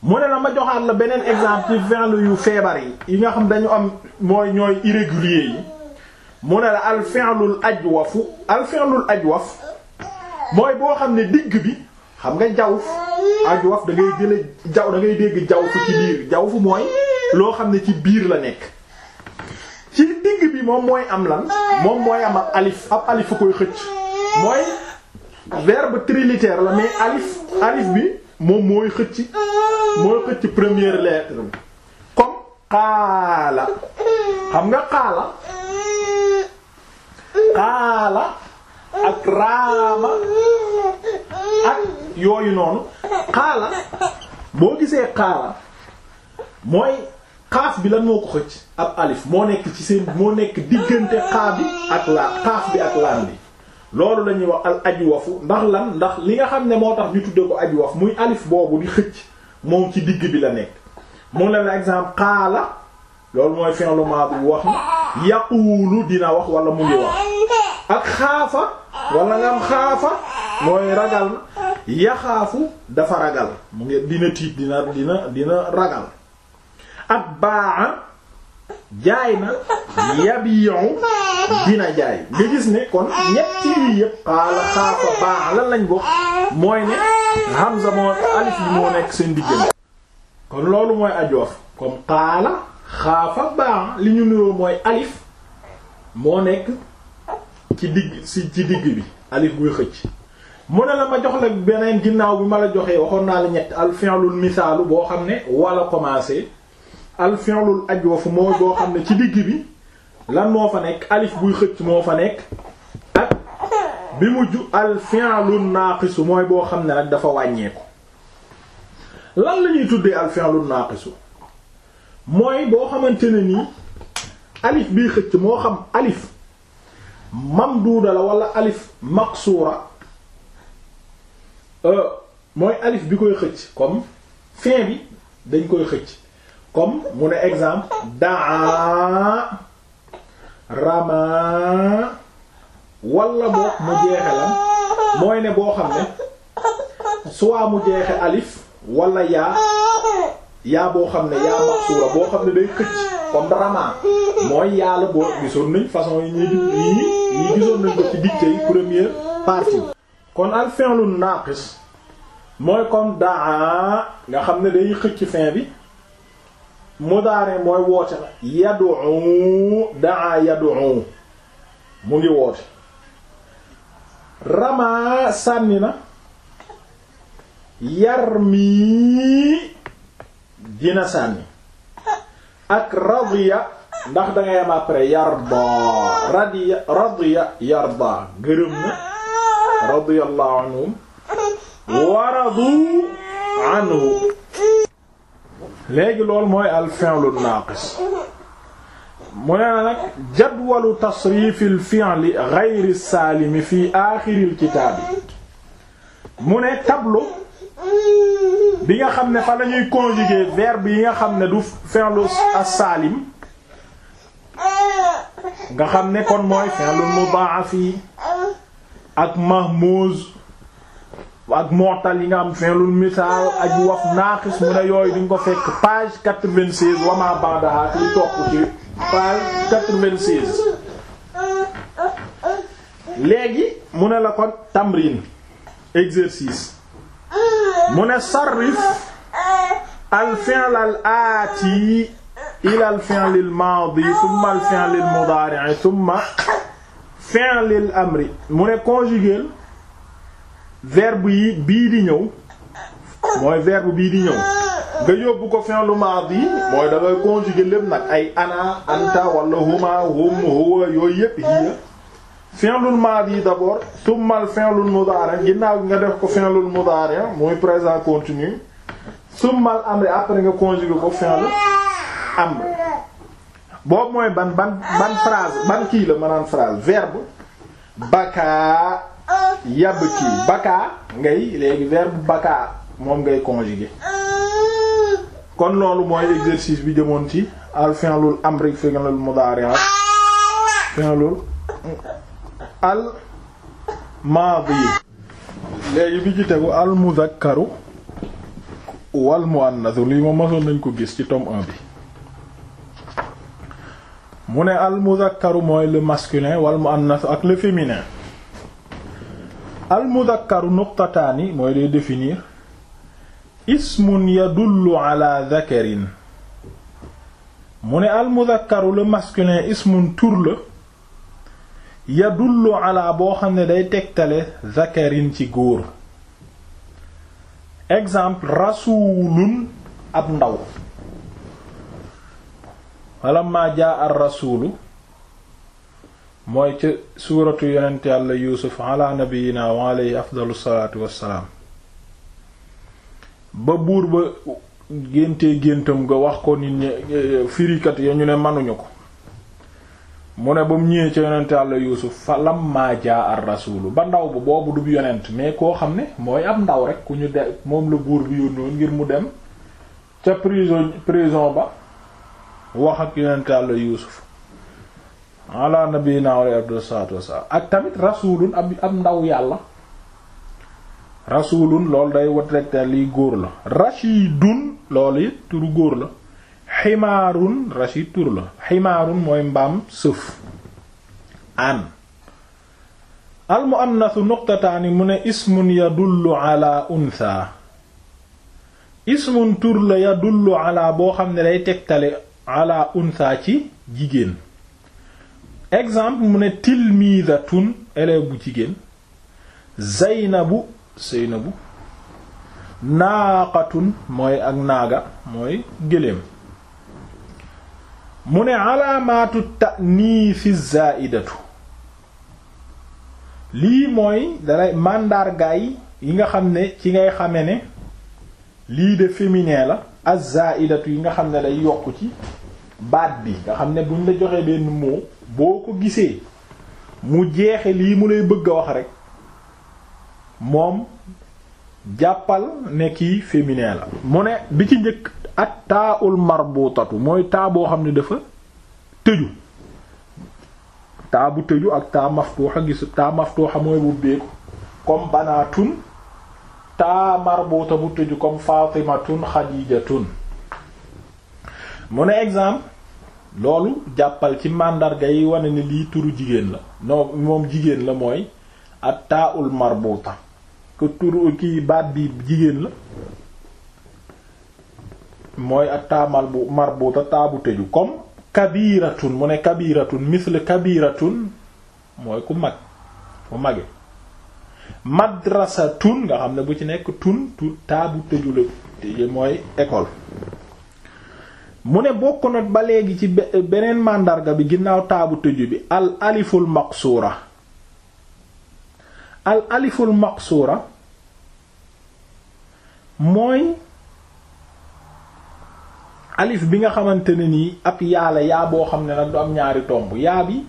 mu ne la ma joxaat la beneen exemple ci fi'l yu feebar yi yi nga xam dañu am mooy ñooy irrégulier yi mu ne la al fi'lul ajwafu al fi'lul ajwaf mooy boo xam ne digg bi xam nga jawf ajwaf da dangay jële jaw da ngay dégg jawf ci biir jawf mooy loo xam ne ci biir la nekk ci digg bi moom mooy am lan moom mooy am alif ab alif koy xëcc mooy verbe trilitère la mais alif alif bi moom mooy xëcc mooy xëcc première lettre bi comme xaala xam nga xaala xaala ak raama ak yooyu noonu xaala boo gisee xaala mooy xaaf bi lan moo ko xëcc ab alif moo nekk ci seen moo nekk diggante xaa bi ak laa xaaf bi ak laan bi loolu la ñuy wax al ajwafu ndax lan ndax li nga xam ne moo tax ñu tudde ko ajwaf muy alif boobu di xëcc moom ci digg bi la nekk mu ne la exemple xaala loolu mooy fi'lu maadi bu wax ni yaquulu dina wax wala mu ngi wax ak xaafa wala nga am xaafa mooy ragal yaxaafu dafa ragal mu ngi dina tiit dina dina dina ragal at baa jaay na yabi'u dina jaay nga gis ne kon ñetti yi yëpp xaala xaafa baa lan lañ bokk mooy ne Hamza moo alif yi moo nekk seen diggante kon loolu mooy ajoof comme xaala xaafa baa li ñu niroo mooy alif moo nekk ci digg si ci digg bi alif buy xëcc mu ne la ma jox la beneen ginnaaw bi ma la joxee waxoon naa la ñett al fi'lul misaalu boo xam ne wala commencé al fi'lul ajwaf mooy boo xam ne ci digg bi lan moo fa nekk alif buy xëcc moo fa nekk ak bi mujj al fi'lun naaqisu mooy boo xam ne nag dafa wàññeeku lan la ñuy tuddee al fi'lun mooy boo xamante ne nii alif biy xëcc moo xam alif mamduuda la walla alif maqsuura euh, mooy alif bi koy xëcc comme fin bi dañ koy xëcc comme mu ne exemple daa rama wala boog mu jeexe lan mooy ne boo xam ne soit mu jeexe alif walla yaa yaa boo xam ne yaa maxsuura boo xam ne day xëcc comme rama mooy yàlla boo gisoon nañ façon yi ñuy yi yi gisoon nañ ko ci dictée yi première partie kon al fi'lun mooy comme daa nga xam ne day xëcc fin bi mudaare mooy woote la yad'u daa yad'u mu ngi woote ramaa sànni na yarmi dina sànni ak radiya ndax dangay am après yarda radiya radiya yarda gërëm na radiyallahu anhum waradu anhu léegi loolu mooy al fi'lu naaqis mu ne na nag jadwalu tasrifi al fi'li fi aaxiri al kitaab mu ne tableau bi nga xam ne fa lañuy conjuguer verbe yi nga xam ne du fi'lu as-saalim nga xam ne kon mooy fi'lu mudaafi ak mahmuz ak mootal yi nga am fi'lul misaal aj waf naaqis mu ne yooyu di nga ko fekk page quatre-vingt-seize wa ma ba'daha ci topp mu ne la kon tamrin exercice mu ne sarrif al fi'l al aati ila al fi'l maadi thumma al fi'l mudaari thumma fi'l al amri mu ne conjuguer verbe yi bii di ñëw mooy verbe bii di ñëw nga yóbbu ko fi'lu maadi mooy da ngay lépp nag ay ana anta wala huma hum huwa yooyu yépp hiya fi'lul maadi d'abord tummal fi'lul mudaari ginnaaw gi nga def ko fi'lul mudaari muy présent continu summal amri après nga conjuguer ko fi'l amr boobu mooy ban ban ban phrase ban kii la ma phrase verbe baka yabki bakaa ngay léegi verbe bakaa moom ngay conjuguer kon loolu mooy exercice bi jëmoon ci al fi'lul amri fi'lul mudari' fi'lul al maadi léegi bi ci tegu al mudhakkaru wal muannasu lii moom mosoon nañ ko gis ci tome 1 bi mu ne al mudhakkaru mooy le masculin wal muannas ak le féminin al mudakkaru nuqtataani mooy day définir ismun yadullu ala dhakarin mu ne al mudakkaru le masculin ismun tur la yadullu ala boo xam ne day tegtale dhakarin ci góor exemple rasulun ab ndaw falamma jaa ar rasulu mooy ca suuratu yonent yàlla yuusuf ala nabiyina wa alayhi afdalu salaatu wassalaam ba buur ba géntee géntam nga wax ko nit ñi firikat ya ñu ne manuñu ko mu ne ba mu ñëwee ca yonent yàlla yuusuf fa lamma jaa rasuulu ba ndaw ba boobu dub yonent mais koo xam ne mooy ab ndaw rek ku ñu de moom la buur bi yónnoon ngir mu dem ca prison ba wax ak yonent yàlla yuusuf ala nabiyina ak tamit rasulun ab ndaw yàlla rasulun loolu day wat góor la rashidun loolu it turu góor la ximaarun rashid tur la ximaarun mooy mbaam sëf an al muannasu nuqtataani mu ne ismun yadullu ala untha ismun tur la yadullu ala boo xam ne day tegtale ala untha ci jigéen exemple mu ne tilmidatun élève bu jigéen zaynabu zaynabu naaqatun mooy ak naaga mooy gëléem mu ne alaamatu ta'niisi zaidatu lii mooy dalay màndargaay yi nga xam ne ci ngay xame ne lii de féminin la az zaidatu yi nga xam ne lay yokk ci baat bi nga xam ne buñ la joxee benn mot boo ko gisee mu jeexe lii mu lay bëgg a wax rek moom jàppal ne kii féminin la mu ne bi ci njëkk at taa ul marbutatu mooy taa boo xam ne dafa tëju taa bu tëju ak taa maftuuxa gis taa maftuuxa mooy bu beeku comme banaatun taa marbuuta bu tëju comme faatimatun xadiijatun mu ne exemple loolu jàppal ci màndarga yi wane ni lii turu jigéen la non moom jigéen la mooy at taa ul turu kii baat bi jigéen la mooy at taa marbu marbuta taa bu tëju comme kabiratun mu ne kabiratun misle kabiratun mooy ku mag ku mage madrasatun nga xam ne bu ci nekk tun tu tëju la mooy école mu ne bokk na ba léegi ci beneen màndarga bi ginnaaw taabu tëju bi al aliful maqsuura al aliful maqsuura mooy alif bi nga xamante ne nii ab yaa yaa boo xam ne nag du am ñaari tomb yaa bi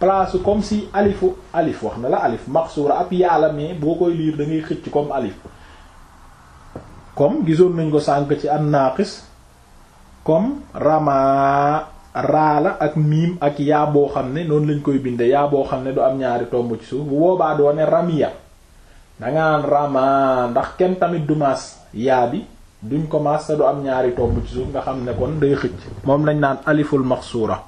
place comme si alifu alif wax na la alif maqsuura ab yàlla la mais boo koy liir da xëcc comme alif comme gisoon nañ ko sànk ci an comme rama raa la ak miim ak yaa boo xam ne noonu lañ koy binde yaa boo xam ne du am ñaari tomb ci suuf bu boobaa doo ne ramiya dangaan rama ndax kenn tamit du maas yaa bi duñ ko maas te du am ñaari tomb ci suuf nga xam ne kon day xëcc moom lañ naan aliful maxsuura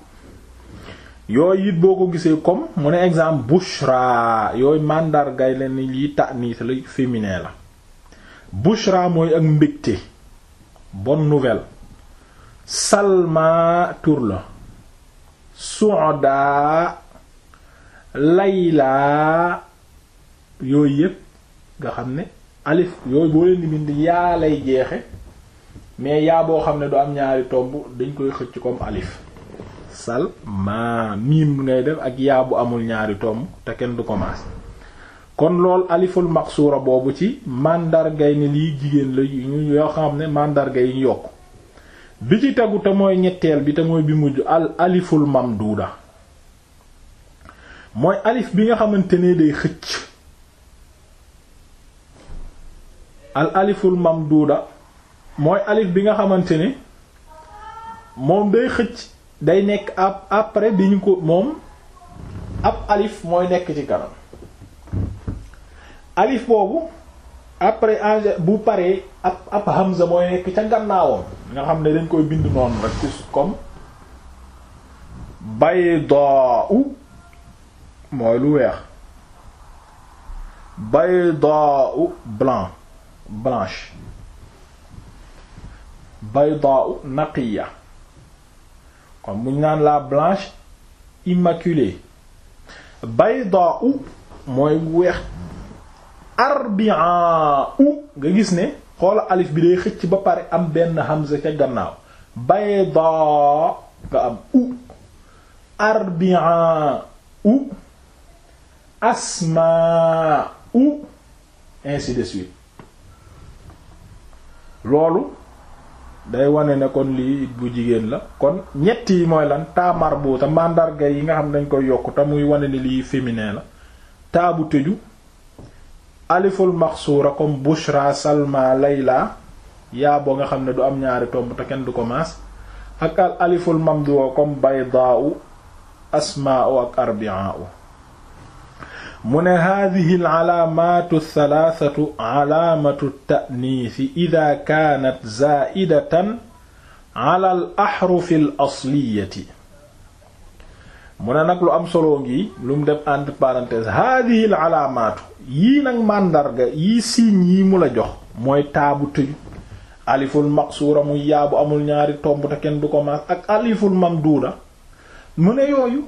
yooyu it boo ko gisee comme mu ne exemple bushra yooyu màndargay la ni lii ta'nith la féminin la bushra mooy ak mbégte bon nouvelle salma tur la su'da layla yooyu yépp nga xam ne alif yooyu boo leen bind yaa lay jeexe mais yaa boo xam ne du am ñaari tomb dañ koy xëcc comme alif salma miim ngay def ak yaa bu amul ñaari tomb te kenn du commencé kon lool aliful maqsuura boobu ci mandargay ne lii jigéen la ñu yoo xam ne mandarga yi ñu yokk bi ci tegu te mooy ñetteel bi te mooy bi mujj al aliful mamduuda mooy alif bi nga xamante ne day xëcc al aliful mamduuda mooy alif bi nga xamante ne moom day xëcc day nekk ab après bi ñu ko moom ab alif mooy nekk ci kanam alif boobu après en bu paree ab ab hamza mooy nekk ca gannaawam nga xam ne dañ koy bind noonu rek ci comme baydaa'u mooy lu weex baydaa'u blanc blanche baydaa'u naqiya kon muñ naan la blanche immaculée baydaa'u mooy weex arbia u nga gis ne xoola alif bi day xëcc ba pare am benn hamza ca gannaaw bayda nga am u arbia u asma u loolu day wane ne kon lii bu jigéen la kon ñett yi mooy lan taa marbuuta màndarga yi nga xam dañ koy yokkute muy wane ne lii féminin la taa tëju aliful maxsuura Bushra Salma Layla yaa nga xam ne du am ñaari tomb te kenn du ko maas ak mu ne haadihi al alaamaatu ath-thalaathatu alaamatu ta'niisi idaa kaanat zaa'idatan ala al ahrufi al asliyati mu ne nag lu am solo ngi lu mu def entre parenthèses haadihi yii nag màndarga yii signe yi mu la jox mooy taabu tëju aliful maqsuura mu yaabu amul ñaari tomb te kenn du ko maas ak aliful mamduuda mu ne yooyu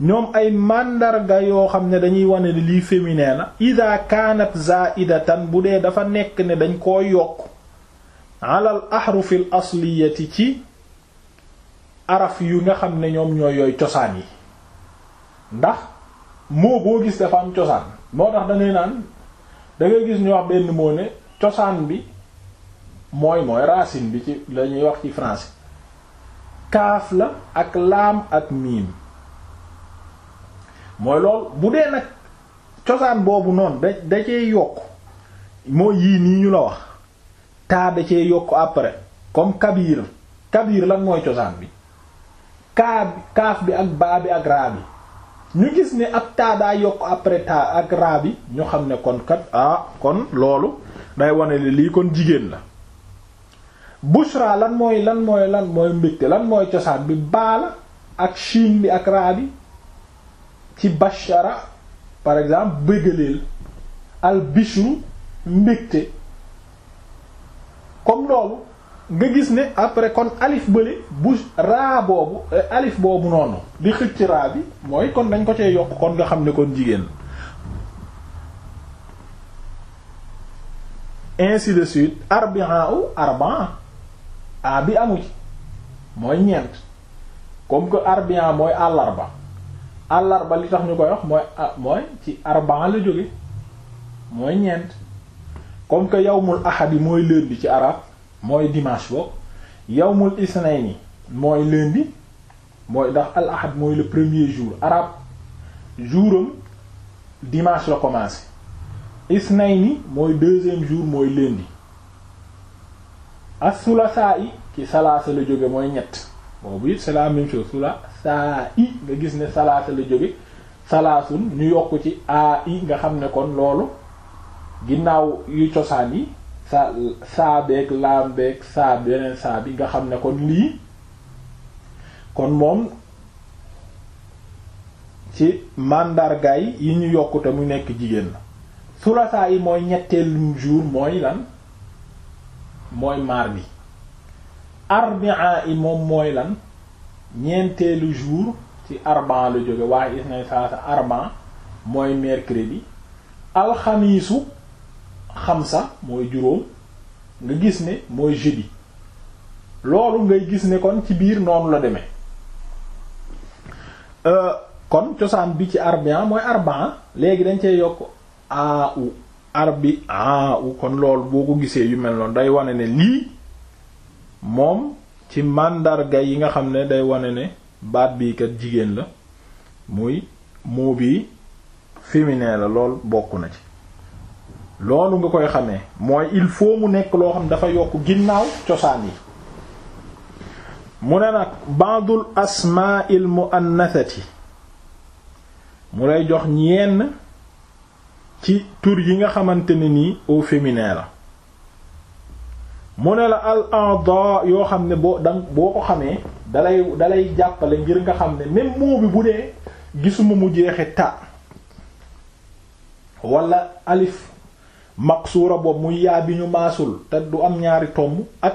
ñoom ay màndarga yoo xam ne dañuy wane lii féminin la ida zaidatan bu dee dafa nekk ne dañ koo yokk alal ahrufi l asliyati ci araf yu nga xam ne ñoom ñooy yooyu cosaan yi ndax moo boo gis dafa am cosaan moo tax da naan da gis ñu wax benn moo ne cosaan bi mooy mooy racine bi ci la ñuy wax ci français kaaf la ak laam ak miim mooy lool bu dee nag cosaan boobu noon da da yokk mooy yii nii ñu la wax taa da yokk après comme kabir kabir lan mooy cosaan bi kaa kaaf bi ak baa bi ak raa bi ñu gis ni ab taa daa yokk après taa ak raa bi ñu xam ne kon kat ah kon loolu day wane ne lii kon jigéen la bushra lan mooy lan mooy lan mooy mbégte lan mooy cosaan bi baala ak shiin bi ak raa ci bashara par exemple bëggaleel al bishru mbégte comme loolu nga gis ne après kon alif bële bu raa boobu eh, alif boobu noonu di xëcc raa bi mooy kon dañ ko cee yokk kon nga xam ne kon jigéen ainsi de suite arbia a bi amu ci mooy ñeent comme que arbien mooy àllarba àllarba li tax ñu koy wax mooy ah, mooy ci arbaa la jóge mooy ñeent comme que yawmul ahad yi mooy lundi ci arab mooy dimanche boobu yawmul isnayni mooy lundi mooy ndax al mooy le premier jour arabe jouram dimanche la commencé isnayni mooy deuxième jour mooy lundi as saa yi ci salaasa la jóge mooy ñett boobu it c'est la même chose sulasaa yi nga gis ne salaasa la jóge salaasun ñu yokk ci aa yi nga xam ne kon loolu ginnaaw yu cosaan yi sa saa beeg laam beeg saa beneen saa bi nga xam ne kon lii kon moom ci màndargaay yi ñu yokkute mu nekk jigéen la sulasaa yi mooy ñetteelu jour mooy lan mooy mardi arbia yi moom mooy lan ñeenteelu jour ci arbaa la jóge waaye is nañ saa sa arbaa mooy mercredi alxamiisu xamsa mooy juróom nga gis ni mooy jeudi loolu ngay gis ni kon ci biir noonu la demee euh, kon cosaan bi ci arbian mooy arbaan léegi dañ cee yokk a u arbi a u kon loolu boo ko gisee yu mel noonu day wane ne lii moom ci màndarga yi nga xam ne day wane ne baat bii kat jigéen la muy moo bi féminin la lool bokk na ci loolu nga koy xamee mooy il faut mu nekk loo xam dafa yokk ginnaaw cosaan yi mu ne nag ba'dul asmaa'il mu'annathati mu lay jox ñenn ci tur yi nga xamante ne nii au féminin la mu ne la al a'da yoo xam ne boo xamee dalay dalay jàppale ngir nga xam ne même mot bi bu dee gisuma mu jeexe ta wala alif maqsuura boobu muy yaa bi ñu maasul te du am ñaari tomb ak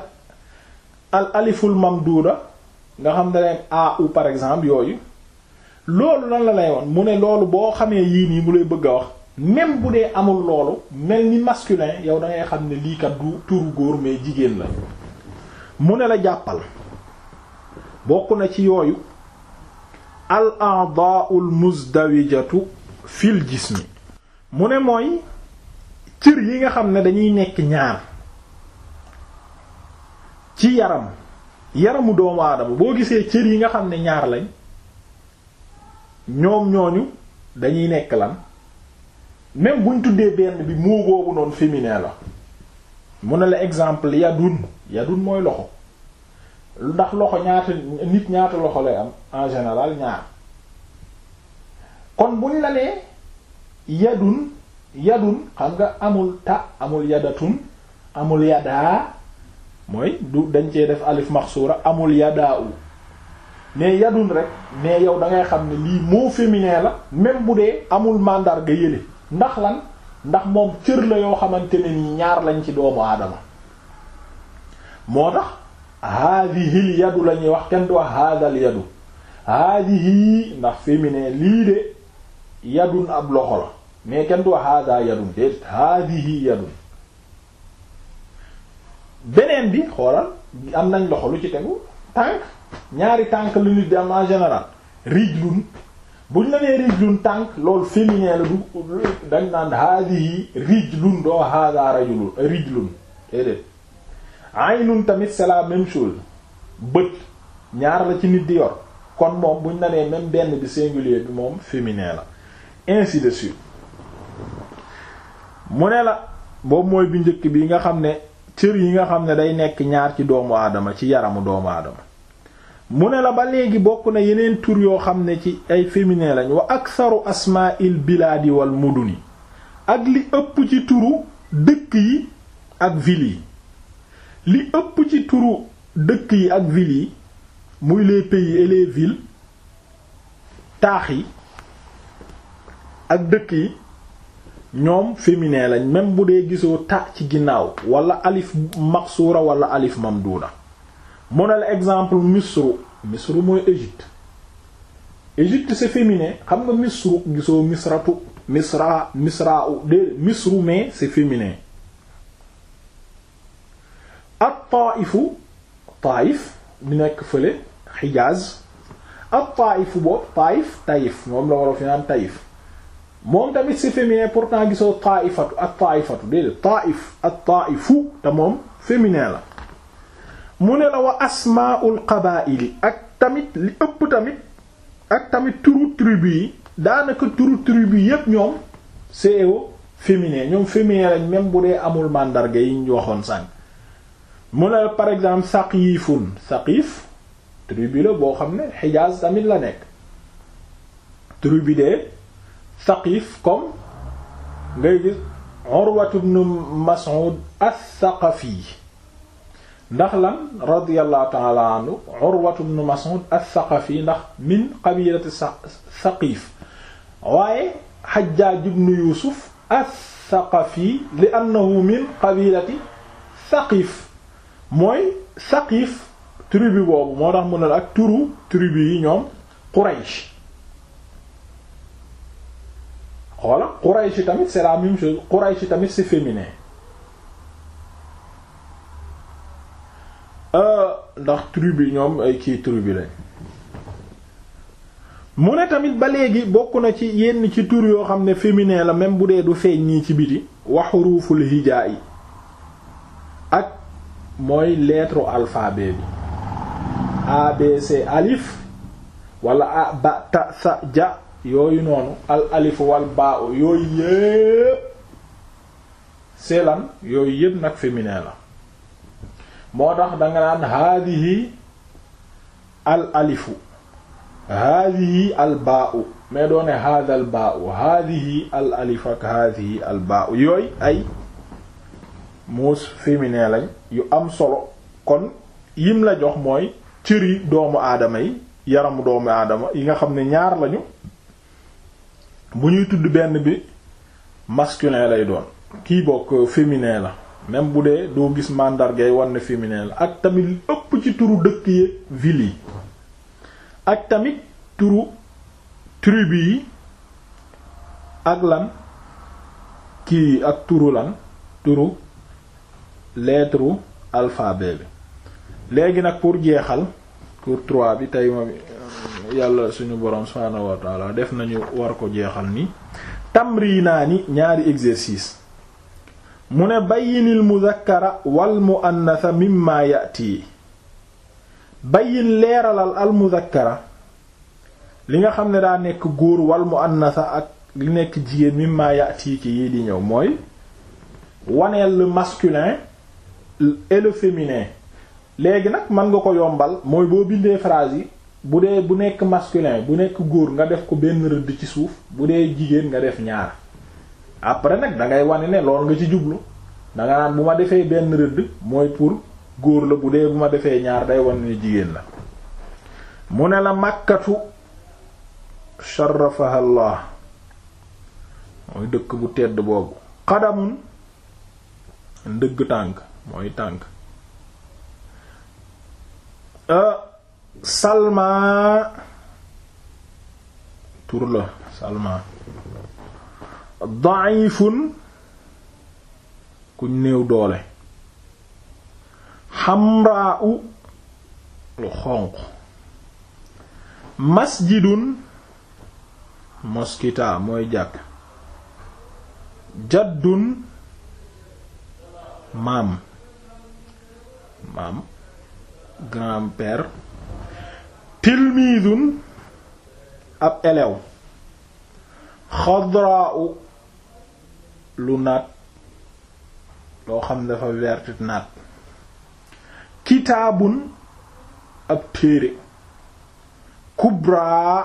al aliful mamduuda nga xam ne leen a par exemple yooyu loolu lan la lay woon mu ne loolu boo xamee yii nii mu lay bëgg a wax même bu dee amul loolu mel ni masculin yow da ngay xam ne lii kat du turu góor mais jigéen la mu ne la jàppal bokk na ci yooyu al a'da'ul muzdawijatu fil jismi mu ne mooy cër yi nga xam ne dañuy nekk ñaar ci yaram yaramu doomu aadama boo gisee cër yi nga xam ne ñaar lañ ñoom ñooñu dañuy nekk lan même buñ tuddee benn bi moo boobu noonu féminin la mu ne la exemple yadun yadun mooy loxo ndax loxo ñaata nit ñaata loxo lay am en général ñaar kon buñ la nee yadun yadun xam nga amul ta amul yadatun amul yadaa mooy du dañ cee def alif maxsuura amul yadaa u mais yadun rek mais yow da ngay xam ne lii moo féminin la même bu dee amul mandarga yële ndax lan ndax moom cër la yoo xamante ne nii ñaar lañ ci doomu aadama moo tax haadihil yadu la ñuy wax kenn du wax haadal yadu haadihi ndax féminin lii de yadun ab loxo la mais kenn du wax hada yadun déet hadihi beneen bi xoolal am nañ loxo lu ci tegu tànk ñaari tànk lu nit di am en général rijlun buñ la nee rijlun tànk loolu féminin la du dañ naan hadihi rijlun doo hada rajulun rijlun déedéet aynun tamit c'est la même chose bët ñaar la ci nit di yor kon moom buñ la nee même benn bi singulier bi moom féminin la ainsi de suite mu ne la boobu mooy bi njëkk bi nga xam ne cër yi nga xam ne day nekk ñaar ci doomu aadama ci yaramu doomu aadama mu ne la ba léegi bokk na yeneen tur yoo xam ne ci ay féminin lañ wa aksaru asmail bilaadi wal muduni ak li ëpp ci turu dëkk yi ak ville yi li ëpp ci turu dëkk yi ak ville yi muy les pays et les villes taax yi ak dëkk yi ñoom féminin lañ même bu dee gisoo ta ci ginnaaw wala alif maqsuura wala alif mamduuda mu ne la exemple misru misru mooy Égypte Égypte c'est féminin xam nga misru gisoo misratu misra misra de misru mais c'est féminin at taifu taif di nekk fële Hijaz at taifu boobu taif taif moom la wolof naan taif moom tamit c'est féminin pourtant gisoo taaifatu ak taaifatu déedéet taaif ak taaifu te moom féminin la mu ne la wa asmaul qabaili ak tamit li ëpp tamit ak tamit turu tribu yi daanaka turu tribu yépp ñoom c'est au féminin ñoom féminin lañ même bu amul màndarga yi ñu waxoon sànq mu ne la par exemple saqifun saqif tribu la boo xam ne Hijaz tamit la nekk tribu de Saqif comme ngay gis Urwatu ibn Mas'ud as-Saqafi ndax lan radiyallahu ta'ala anhu Urwatu ibn Mas'ud as-Saqafi ndax min qabilati Saqif waaye Hajjaj ibn Yusuf as-Saqafi li annahu min qabilati Saqif mooy Saqif tribu boobu moo tax mu ne ak turu tribu yi ñoom Quraysh xoola Quraysh tamit c'est la même chose Quraysh tamit c'est féminin euh, ndax tribu ñoom ay kii tribu lañ mu ne tamit ba léegi bokk na ci yenn ci tur yoo xam ne féminin la même bu dee du feeñ ñii ci biti wa huruful hijaa ak mooy leetru alphabet bi A alif wala A ba ta sa ja yooyu noonu al alif wal baa yooyu yëpp c'est yooyu yëpp nag féminin la moo tax danga naan haadihi al alifu haadihi al baa mais doone haada al baa haadihi al alif ak haadihi al baa yooyu ay muus féminin lañ yu am solo kon yim la jox mooy cëri doomu aadama yi yaramu doomu aadama yi nga xam ne ñaar lañu bu ñuy tudd benn bi masculin lay doon kii bokk euh, féminin la même bu dee doo gis màndargay war na féminin la ak tamit li ci turu dëkk yi ak tamit turu tribu yi ak lan kii ak turu lan turu lettre alphabet bi léegi nag pour jeexal pour troit bi tey moom yàlla suñu borom subhaanahu wa def nañu war ko jeexal ni naa ni ñaari exercice mu ne bayyinil muzakkara wal muannatha mimma yati bayyin leeralal al muzakkara li nga xam ne daa nekk góor wal muannatha ak li nekk jigéen mimma yati ki yi di ñëw mooy waneel le masculin léegi nag man nga ko yombal mooy boo bindee phrase yi bu dee bu nekk masculin bu nekk góor nga def ko benn rëdd ci suuf bu dee jigéen nga def ñaar après nag da ngay wane ne lool nga ci jublu danga nga naan bu ma defee benn rëdd mooy pur góor la bu dee bu ma defee ñaar day wane ne jigéen la mu ne la màkkatu sharafaha mooy dëkk bu tedd boobu xadamun ndëgg tànk mooy tànk euh, Salma tur la Salma da'ifun kuñ néew doole xamraa u xonq masjidun moskita mooy jàkk jaddun maam maam grand-père tilmiidun ab elew xadraa'u lu naat loo xam dafa wertit naat kitaabun ab téere kubraa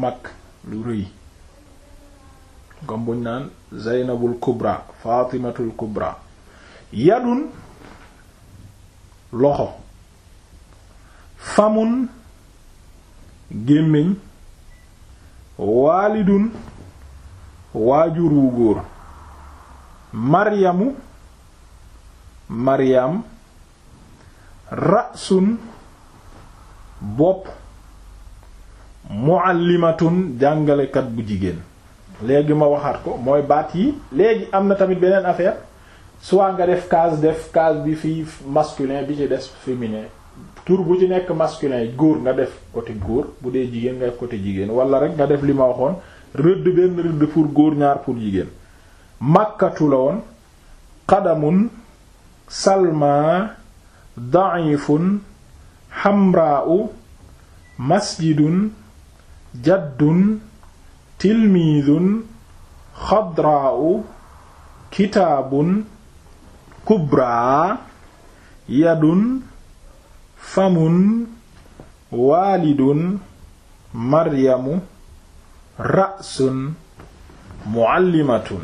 mag lu rëy comme buñ naan Zaynabul Kubra Fatimatul Kubra yadun loxo famun gémmiñ waalidun waajur wu góor maryamu maryam rasun bopp muallimatun jàngalekat bu jigéen léegi ma waxaat ko mooy baat yi léegi am na tamit beneen affaire soit nga def case def case bi fii masculin bi ci des féminin tur bu ci nekk masculin yi góor nga def côté góor bu dee jigéen nga def côté jigéen wala rek nga def li ma waxoon rëdd benn rëdd pour góor ñaar pour jigéen màkkatu la woon qadamun salma daifun xamraa'u masjidun jaddun tilmiidun xadraa'u kitaabun kubraa yadun famun waalidun maryamu ra'sun muallimatun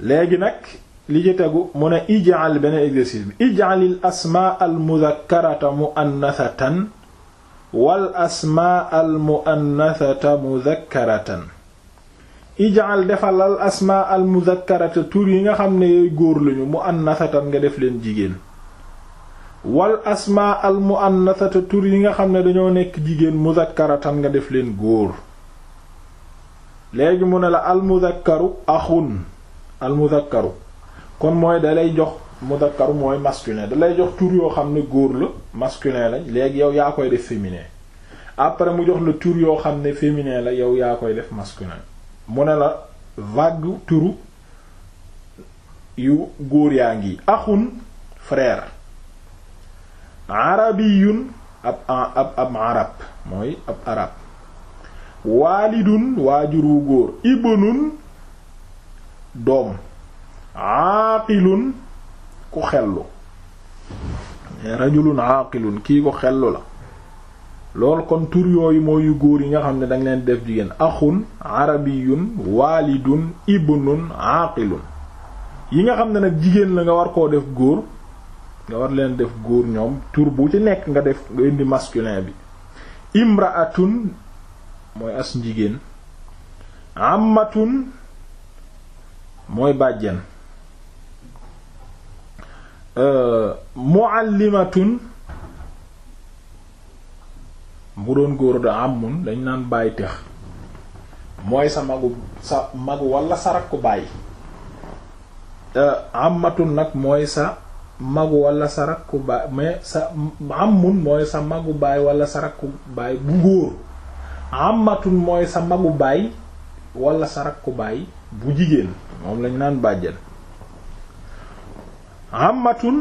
léegi nag li ci tegu mu ne ij'al beneen exercice bi ij'alil asmaa al mudhakkarata muannathatan wal asmaa al muannathata mudhakkaratan ij'al defal al asmaa al mudhakkarata tur yi nga xam ne yooy góor lañu muannathatan nga def leen jigéen wal asmaa al muannathata tur yi nga xam ne dañoo nekk jigéen mudhakkaratan nga def leen góor léegi mu ne la al mudhakkaru axun al mudhakkaru kon mooy dalay jox mudhakkaru mooy masculin dalay jox tur yoo xam ne góor la maskulin lañ léegi yow yaa koy def féminin après mu jox la tur yoo xam ne féminin la yow yaa koy def masculin mu ne la vague turu yu góor yaa ngi axun frère arabiyun ab ab ab arab mooy ab arab waalidun waajuru góor ibnun doom aaqilun ku xellu rajulun aaqilun kii ko xellu la loolu kon tur yooyu mooy góor yi nga xam ne danga leen def jigéen axun arabiyun waalidun ibnun aaqilun yi nga xam ne nag jigéen la nga war koo def góor nga war leen def góor ñoom tur bu ci nekk nga def nga indi masculin bi imraatun mooy as njigéen ammatun mooy bàjjen euh, muallimatun bu doon góor da amun dañ naan bàyyi tëx mooy sa magu sa magu wala sa rakku bàyyi euh, ammatun nag mooy sa magu walla sa rakku baay mais sa ammun mooy sa magu baay wala sa rakku baay bu ngóor ammatun mooy sa magu baay wala sa rakku baay bu jigéen moom lañ naan bàjjal bàjjen ammatun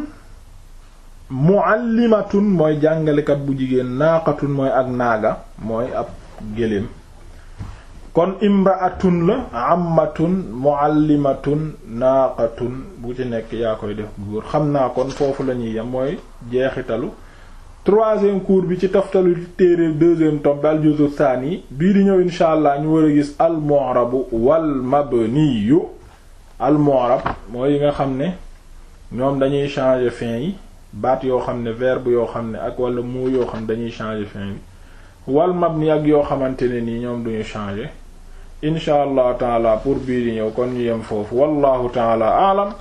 muallimatun mooy jàngalekat bu jigéen naaqatun mooy ak naaga mooy ab géléem kon imraatun la ammatun muallimatun naaqatun bu ci nekk yaa koy def góor xam naa kon foofu la ñuy yem mooy jeexitalu troisième cours bi ci toftalu téere deuxième tome bi al juzu thani bii di ñëw insha allah ñu war gis al mu'rabu wal mabniyu al mu'rab mooy yi nga xam ne ñoom dañuy changer fin yi baat yoo xam ne verbe yoo xam ne ak wala mot yoo xam ne dañuy changer fin yi wal mabni ak yoo xamante ne nii ñoom duñu changer insha allahu taala pour bii di ñëw kon ñu yem foofu wallahu taala aalam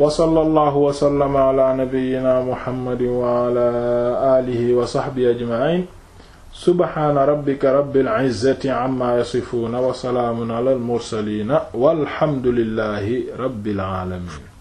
wa sallallahu wa sallama ala nabiyyina muhammadin wa ala alihi wa sahbihi ajma'in subhana rabbika rabbil izzati amma yasifuna wa salaamun ala al mursalina walhamdulillahi rabbil alamin